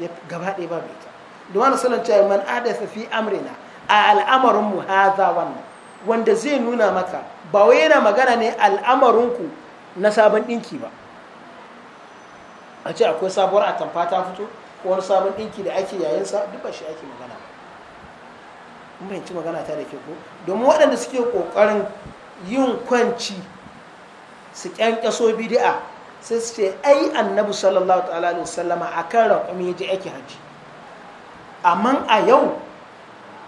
ya gaba ɗaya babu ta. da wani salon cewa man adasa fi amrina a al'amarin mu haza wannan wanda zai nuna maka ba wai yana magana ne al'amarinku na sabon dinki ba a ce akwai sabuwar atamfa ta fito ko wani sabon dinki da ake yayin sa duk shi ake magana ba mun ci magana ta da ke ko domin waɗanda suke ƙoƙarin yin kwanci su ƙyanƙyaso bidi'a sai su ce ai annabi sallallahu alaihi wasallama akan raƙumi ya je ake hajji amma a yau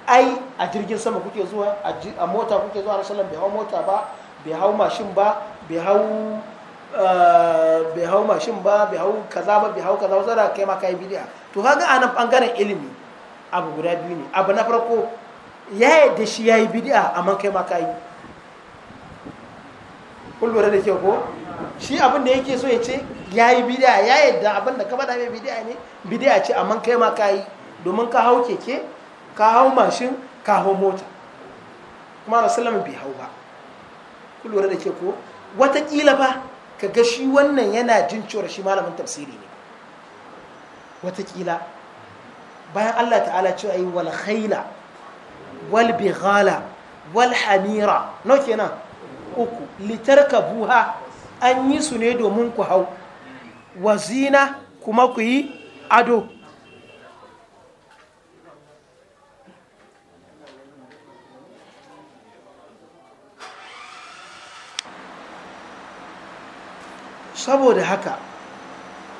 ai a jirgin sama kuke zuwa a mota kuke zuwa rasulun bai hau mota ba bai hau mashin ba bai hau eh, bai hau mashin ba bai hau kaza ba bai hau kaza ba da kai ma yi bidiya to haka anan bangaren ilimi abu guda biyu ne abu na farko ya yi da shi yayi bidiya amma kai ma kai kun lura da kyau ko shi abin da yake so ya ce yi bidiya ya yi da abin da kama da mai bidiya ne bidiya ce amma kai ma yi domin ka hau keke ka hau mashin ka hau mota kuma rasulun bai hau ba ku lura da ke ko watakila ba ka ga shi wannan yana jin cewar shi malamin tafsiri ne watakila bayan allah ta'ala cewa yi wal khaila wal bighala wal hamira nau kenan uku litarka buha an yi su ne domin ku hau wazina kuma ku yi ado saboda haka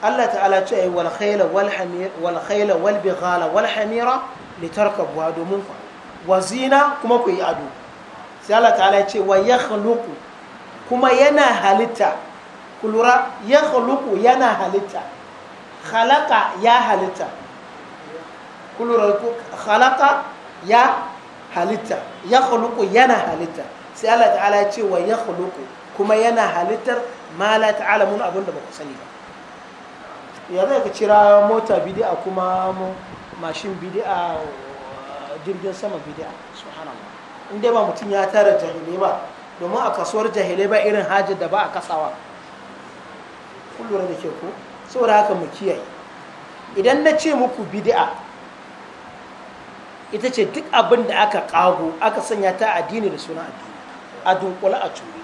Allah ta'ala ce ai wal khayla wal hamir wal khayla wal bighala wal hamira kuma ku yi ado sai Allah ta'ala ya ce wa yakhluqu kuma yana halitta kulura yakhluqu yana halitta khalaqa ya halitta kulura khalaqa ya halitta yakhluqu yana halitta sai Allah ta'ala ya ce wa yakhluqu kuma yana halittar ma la ta'alamun abin da ba ku sani ba ya zai ka cira mota bidi'a kuma mashin bidi'a jirgin sama bidi'a subhanallah in dai ba mutum ya tara jahilai ba domin a kasuwar jahilai ba irin hajjar da ba a kasawa kun da ke ko saboda haka mu kiyaye idan na ce muku bidi'a ita ce duk abin da aka kago aka sanya ta addini da suna addini a dunkula a cuta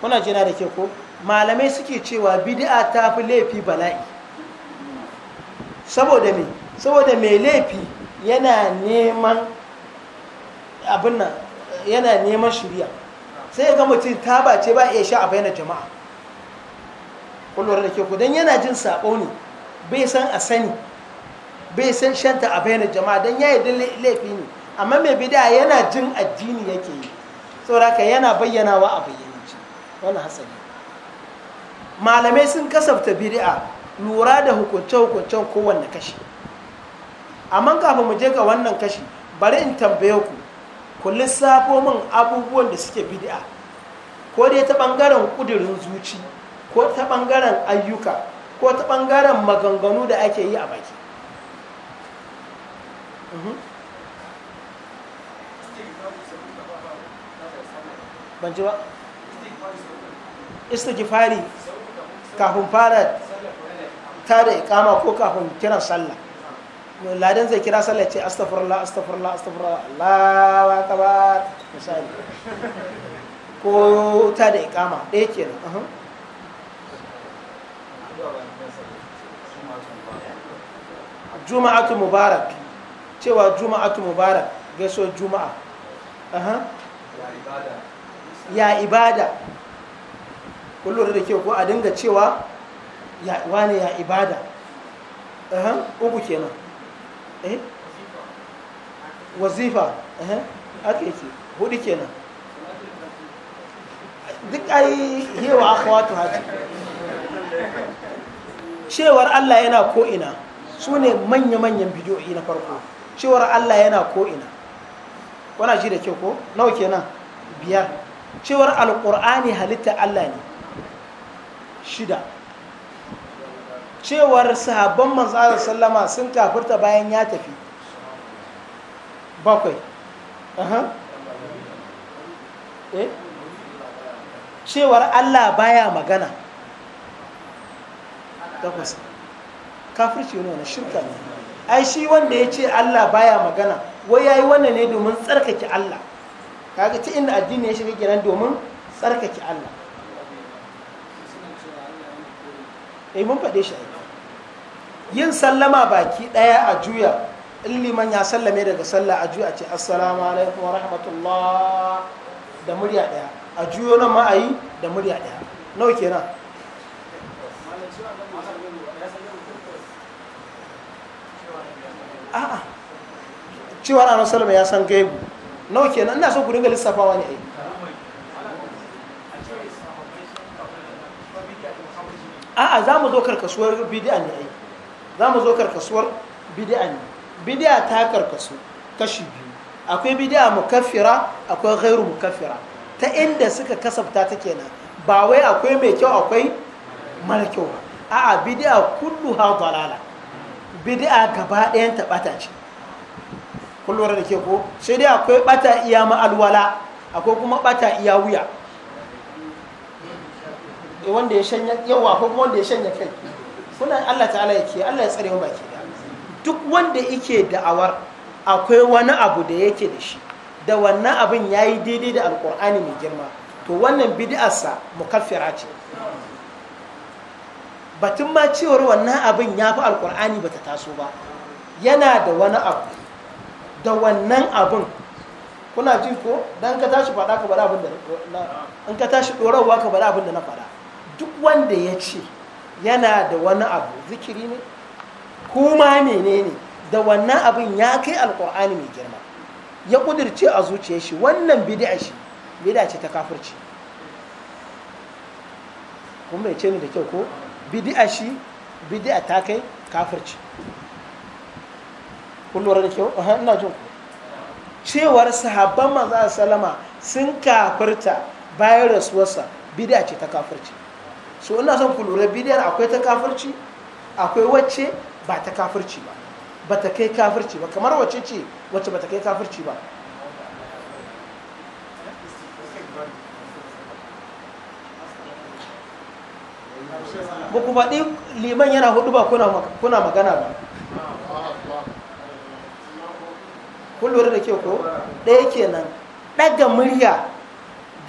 kuna jina da ke ko malamai suke cewa bid'a ta fi laifi bala'i saboda me saboda mai laifi yana neman abin nan yana neman shirya sai ga mutum ta bace ba a sha a bayanar jama'a kullum da ke ku don yana jin saɓo ne bai san a sani bai san shanta a bayanar jama'a don ya yi laifi ne amma mai bida yana jin addini yake yi saboda yana bayyana wa a bayyana wannan hatsari malamai sun kasafta bidi'a lura da hukunce-hukuncen kowanne kashi amma kafin mu je ga wannan kashi bari in tambaye ku ku lissafo min abubuwan da suke bidi'a, ko dai ta bangaren kudirin zuci ko ta bangaren ayyuka ko ta bangaren maganganu da ake yi a baki mhm. ban ji ba istighfari kafin fara da ikama ko kafin kira sallah ladan zai kira sallah ce astaghfirullah astaghfirullah astaghfirullah Allahu akbar misali ko da ikama ɗaya kenan -huh. juma'atu mubarak cewa juma'atu mubarak gaiso juma'a aha ya ibada kun lura da kyau ko a dinga cewa ya wane ya ibada uku kenan eh wazifa eh ake ce hudu kenan duk ai hewa akhawatu haji cewar Allah yana ko'ina su ne manya-manyan bidiyoyi na farko cewar Allah yana ko ina wana ji da kyau ko nawa kenan biyar cewar alƙur'ani halitta Allah ne shida cewar sahabban manzara sallama sun kafirta bayan ya tafi bakwai eh? cewar allah baya magana takwas kafirci ne wani shirka ne ai shi wanda ya ce allah baya magana wai ya yi wannan ne domin tsarkake allah kaga ta inda addini ya shiga kenan domin tsarkake allah yi eh, mun faɗe shi yin sallama baki ɗaya a juya in liman ya sallame daga sallah a juya a ce assalamu alaikum wa rahmatullah da murya ɗaya a juyo nan ma a yi da murya ɗaya nawa kenan a'a cewa ana sallama ya san gaibu nawa kenan ina so ku dinga lissafawa ne ai a'a za mu zo karkasuwar bidiya ne ai za mu zo karkasuwar bidiya ne Bidiya ta karkasu kashi biyu akwai bidi'a mukaffira akwai ghairu mukaffira ta inda suka kasafta ta kenan ba wai akwai mai kyau akwai mara kyau ba a'a bidi'a ha dalala bidi'a gaba ɗayan ta bata ce kullum da ke ko sai dai akwai bata iya ma'alwala akwai kuma ɓata iya wuya wanda ya shanya yawa ko kuma wanda ya shanya kai kuna Allah ta'ala ya ke Allah ya tsare wa baki da duk wanda yake da'awar akwai wani abu da yake da shi da wannan abin ya yi daidai da alkur'ani mai girma to wannan bid'arsa mukaffira ce batun ma cewar wannan abin ya fi alkur'ani ba ta taso ba yana da wani abu da wannan abin kuna ji ko don ka tashi faɗa ka faɗa abin da in ka tashi ka abin da na faɗa duk wanda ya ce yana da wani abu zikiri ne kuma menene da wannan abin ya kai alkur'ani mai girma ya kudirce a zuciya shi wannan bid'a shi bid'a ce ta kafirci kuma bai ce ni da kyau ko bid'a shi bid'a ta kai kafirci kun lura da kyau ina jin cewar sahabban manzo sallama sun kafirta bayan rasuwarsa bid'a ce ta kafirci so ina son ku lura bidiyar akwai ta kafirci akwai wacce ba ta kafirci ba ba ta kai kafirci ba kamar wacce ce wacce ba ta kai kafirci ba ba ku faɗi liman yana hudu ba kuna magana ba Kullum da ke ko ɗaya kenan ɗaga murya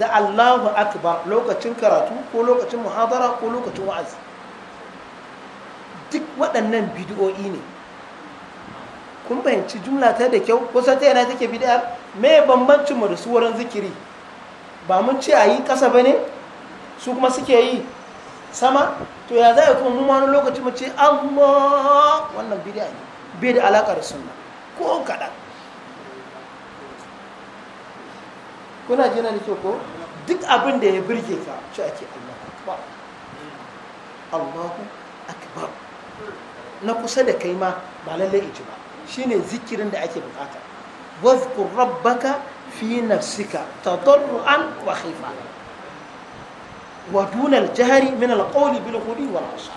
da Allahu akbar lokacin karatu ko lokacin muhadara ko lokacin wa'azi duk waɗannan bidiyo'i ne kun bayanci jumla ta da kyau kusa ta yana take bidiyar me bambancin mu da su wurin zikiri ba mun ce a yi ƙasa ba ne su kuma suke yi sama to ya za a kuma mun wani lokaci mu ce Allah wannan bidiya ne bai da alaƙar sunna ko kaɗan kuna jina da ke ko duk abin da ya birge ka ci ake Allahu akbar Allahu akbar na kusa da kai ma ba lallai iji ba shine zikirin da ake bukata wazkur rabbaka fi nafsika tadarruan wa khifa wa duna al-jahri min al-qawli bil ghudi wal asha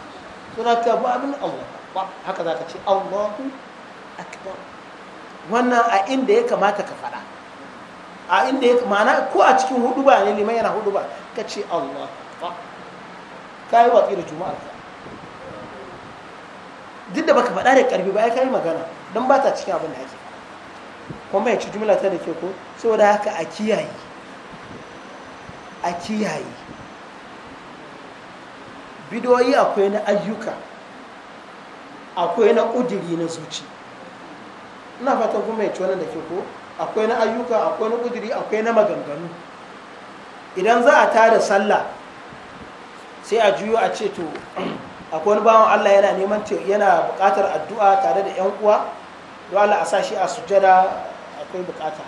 suna ka ba abin Allah ba haka zaka ce Allahu akbar wannan a inda ya kamata ka faɗa a inda ya ma'ana ko a cikin hudu ba ne liman yana hudu ba ka ce Allah ah, ka yi watsi da juma'ar ka duk da baka faɗa da ƙarfi ba ya kai magana don ba ta cikin abin da ake kuma ya ci jumla ta da ke ko saboda haka a kiyaye a kiyaye bidoyi akwai na ayyuka akwai na ƙudiri na zuci ina fatan kuma ya ci wannan da ke ko akwai na ayyuka akwai na kudiri akwai na maganganu idan za a tada sallah sai a juyo a ce to akwai bawan Allah yana neman yana buƙatar addu'a tare da yan uwa don Allah a sa shi a sujada akwai buƙata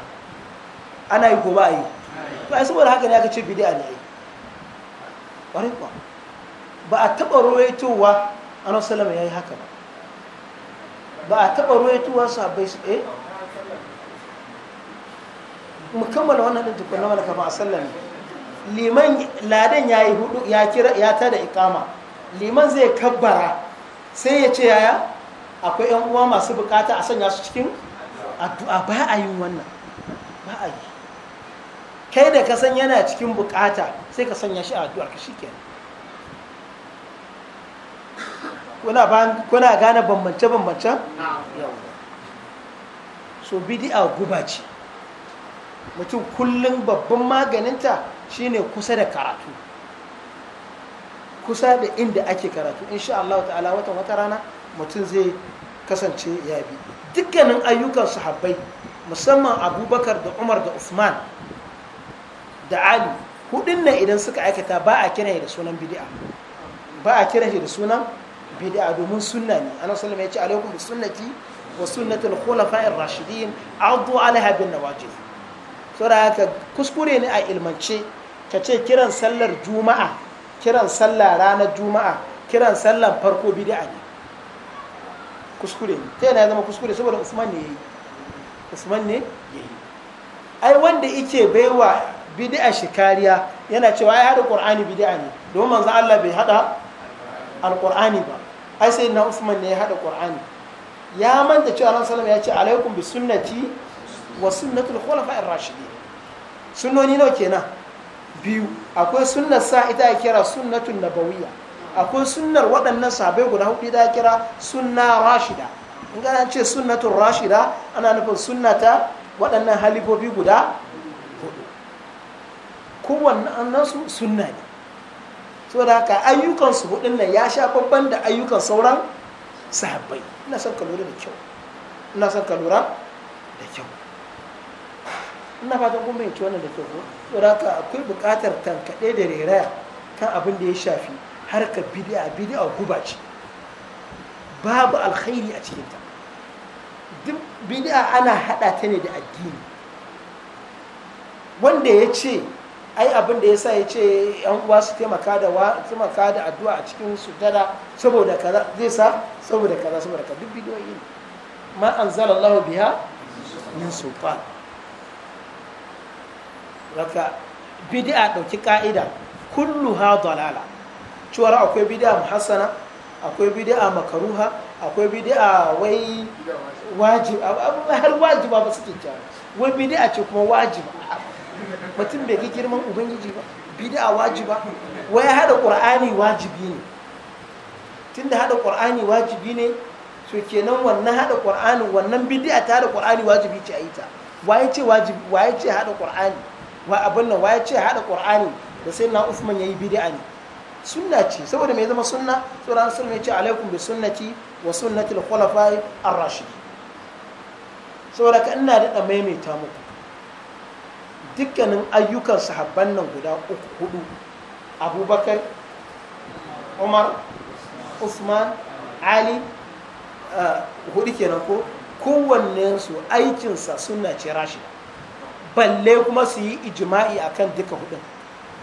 ana yi gobe ayi. a yi ba saboda haka ne aka ce bid'a ne ai ƙwarai ba a taɓa ruwaitowa annabi sallama yayi haka ba ba a taɓa ruwaitowa sabai su eh mu kammala wannan din tukunna mana kafin a sallame liman ladan ya yi hudu ya kira ya ta da ikama liman zai kabbara sai ya ce yaya akwai yan uwa masu bukata a sanya su cikin addu'a ba a yin wannan ba a yi kai da ka san yana cikin bukata sai ka sanya shi a addu'ar ka shikenan kuna ba kuna gane bambance bambance so bid'a guba ce mutum kullum babban maganinta shine kusa da karatu kusa da inda ake karatu insha Allah ta'ala watan wata rana mutum zai kasance ya bi dukkanin ayyukan sahabbai musamman abubakar da umar da usman da ali hudun nan idan suka aikata ba a kiran da sunan bid'a ba a kiran da sunan bid'a domin sunna ne annabi sallallahu alaihi ya ce alaikum bi wa sunnatul khulafa'ir rashidin adu alaiha bin nawajib saboda haka kuskure ne a ilmance ka ce kiran sallar juma'a kiran sallar ranar juma'a kiran sallar farko bid'a ne kuskure ne ta yana zama kuskure saboda usman ne yayi usman ne yayi ai wanda yake baiwa bid'a shi kariya yana cewa ya hada qur'ani bid'a ne domin manzo Allah bai hada alqur'ani ba ai sai na usman ne ya hada qur'ani ya manta cewa ran sallama ya ce alaikum bi sunnati wa sunnatul khulafa'ir rashidin sunnoni nawa kenan biyu akwai sunnar sa ita kira sunnatun nabawiyya akwai sunnar waɗannan sahabbai guda hudu da kira sunna rashida in ga ce sunnatul rashida ana nufin sunnata waɗannan halifofi guda hudu kowanne su sunna ne saboda haka ayyukan su hudun nan ya sha babban da ayyukan sauran sahabbai ina son ka da kyau ina son ka lura da kyau ina fatan kun bayyance wannan da kyau ko saboda haka akwai buƙatar tankaɗe da reraya kan abin da ya shafi harkar bid'a bid'a guba ce babu alkhairi a cikinta duk bid'a ana haɗa ta ne da addini wanda ya ce ai abin da ya sa ya ce yan uwa su taimaka da taimaka da addu'a a cikin su sujada saboda kaza zai sa saboda kaza saboda kaza duk bidiyoyi ne ma anzalallahu biha min sultan zaka ɗauki dauki ka'ida ha dalala cewar akwai bidi'a muhassana akwai bidi'a makaruha akwai bidi'a wai wajib har wajiba ba suke cewa wai bidi'a ce kuma wajiba mutum bai ga girman ubangiji ba wajib wajiba wai hada qur'ani wajibi ne tunda hada qur'ani wajibi ne so kenan wannan hada qur'ani wannan bidi'a ta da qur'ani wajibi ce a yi ta waye ce wajibi waye ce hada qur'ani wa abin nan ya ce haɗa ƙur'ani da sai na usman ya yi bid'a ne sunna ce saboda mai zama sunna tsoron sun ya ce alaikum bi sunnati wa sunnati al-khulafai ar-rashid saboda ka ina daɗa maimaita muku dukkanin ayyukan sahabban nan guda uku hudu abubakar umar usman ali eh, hudu kenan ko kowannensu aikinsa sunna ce rashida balle kuma su yi a akan duka hudun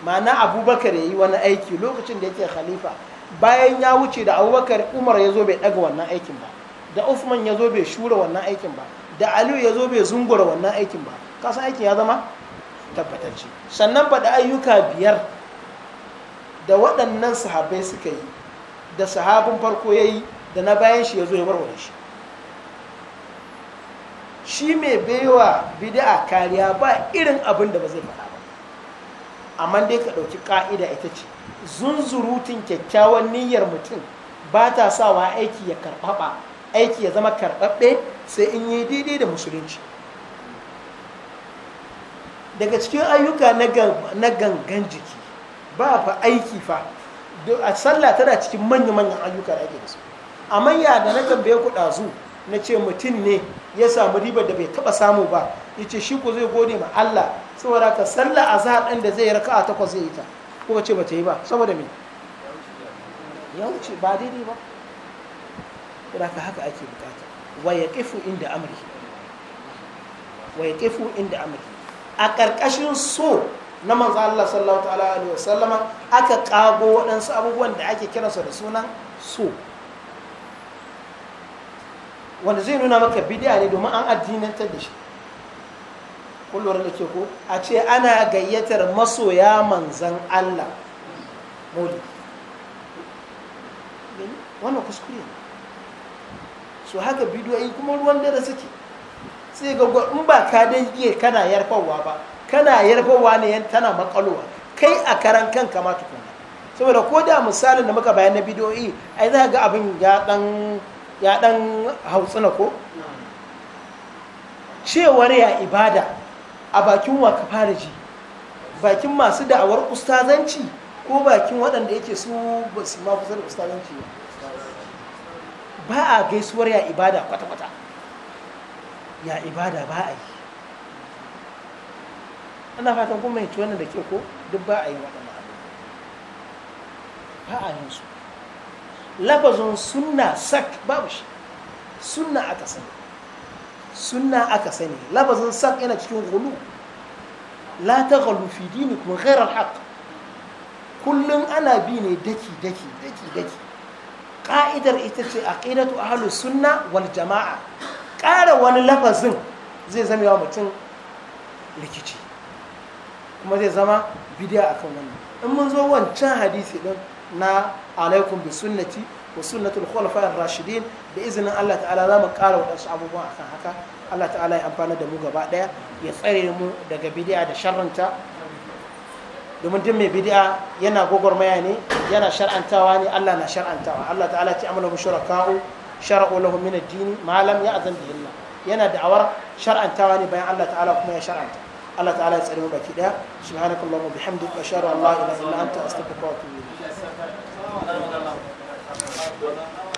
ma'ana abubakar ya yi wani aiki lokacin da yake khalifa bayan ya wuce da abubakar umar ya zo bai daga wannan aikin ba da usman ya zo bai shura wannan aikin ba da aliyu ya zo bai zungura wannan aikin ba kasan aikin ya zama tabbatacce sannan faɗi ayyuka biyar da waɗannan sahabai suka yi da sahabin farko ya yi da na bayan shi ya zo ya warware shi shi mai baiwa bid'a kariya ba irin abin da ba zai faɗa ba amma dai ka ɗauki ƙa'ida ita ce zunzurutun kyakkyawan niyyar mutum ba ta sawa aiki ya karɓaɓa aiki ya zama karɓaɓɓe sai in yi daidai da musulunci daga cikin ayyuka na gangan jiki ba fa aiki fa a sallah tana cikin manya-manyan ayyuka da ake da su amma ya da na gambe ku ɗazu na ce mutum ne ya samu ribar da bai taba samu ba yace shi ku zai gode ma Allah saboda ka sallah a din da zai raka'a takwas zai yi ta kuka ce bata yi ba saboda me ya wuce ba daidai ba saboda ka haka ake bukata wa kifu inda amri wa kifu inda amri a ƙarƙashin so na manzo Allah sallallahu ta'ala wa sallama aka kago waɗansu abubuwan da ake kiransa da sunan so wanda zai nuna maka bidiya ne domin an addinantar da shi kullum da ke ko a ce ana gayyatar masoya manzan Allah maulidi wannan kuskure ne su haka bidiyoyi kuma ruwan dare suke sai ga in ba ka dai iya kana yarfawa ba kana yarfawa ne yan tana makalowa kai a karan kan ma tukuna saboda ko da misalin da muka bayan na bidiyoyi ai za ga abin ya dan ya dan na ko cewar ya ibada a bakin wa ka bakin masu da'awar ustazanci ko bakin waɗanda yake su ba su ma kusa da ustazanci ba a gaisuwar ya ibada kwata-kwata ya ibada ba a yi ana fatan kuma mai wannan da ke ko duk ba a yi waɗanda ba a yin su lafazin suna sak babu shi suna aka sani suna aka sani lafazin sak yana cikin gulu la ta galu fi dini kuma ghairar haƙ kullum ana bi ne daki daki daki daki ka'idar ita ce aqidatu ahlu sunna wal jama'a ƙara wani lafazin zai zama yawa mutum rikici kuma zai zama bidiya akan wannan in mun zo wancan hadisi din na alaikum bi sunnati wa sunnatul khulafa'ir rashidin da izinin Allah ta'ala za mu ƙara waɗansu abubuwan akan haka Allah ta'ala ya amfana da mu gaba ɗaya ya tsare mu daga bid'a da sharranta domin duk mai bid'a yana gogormaya ne yana shar'antawa ne Allah na shar'antawa Allah ta'ala ce amala mushuraka'u shar'u lahum min ad-din ma lam ya'zan bihi Allah yana da'awar shar'antawa ne bayan Allah ta'ala kuma ya shar'anta Allah ta'ala ya tsare mu baki daya subhanakallahumma bihamdika ashhadu an la ilaha illa anta astaghfiruka wa atubu 好了，好了。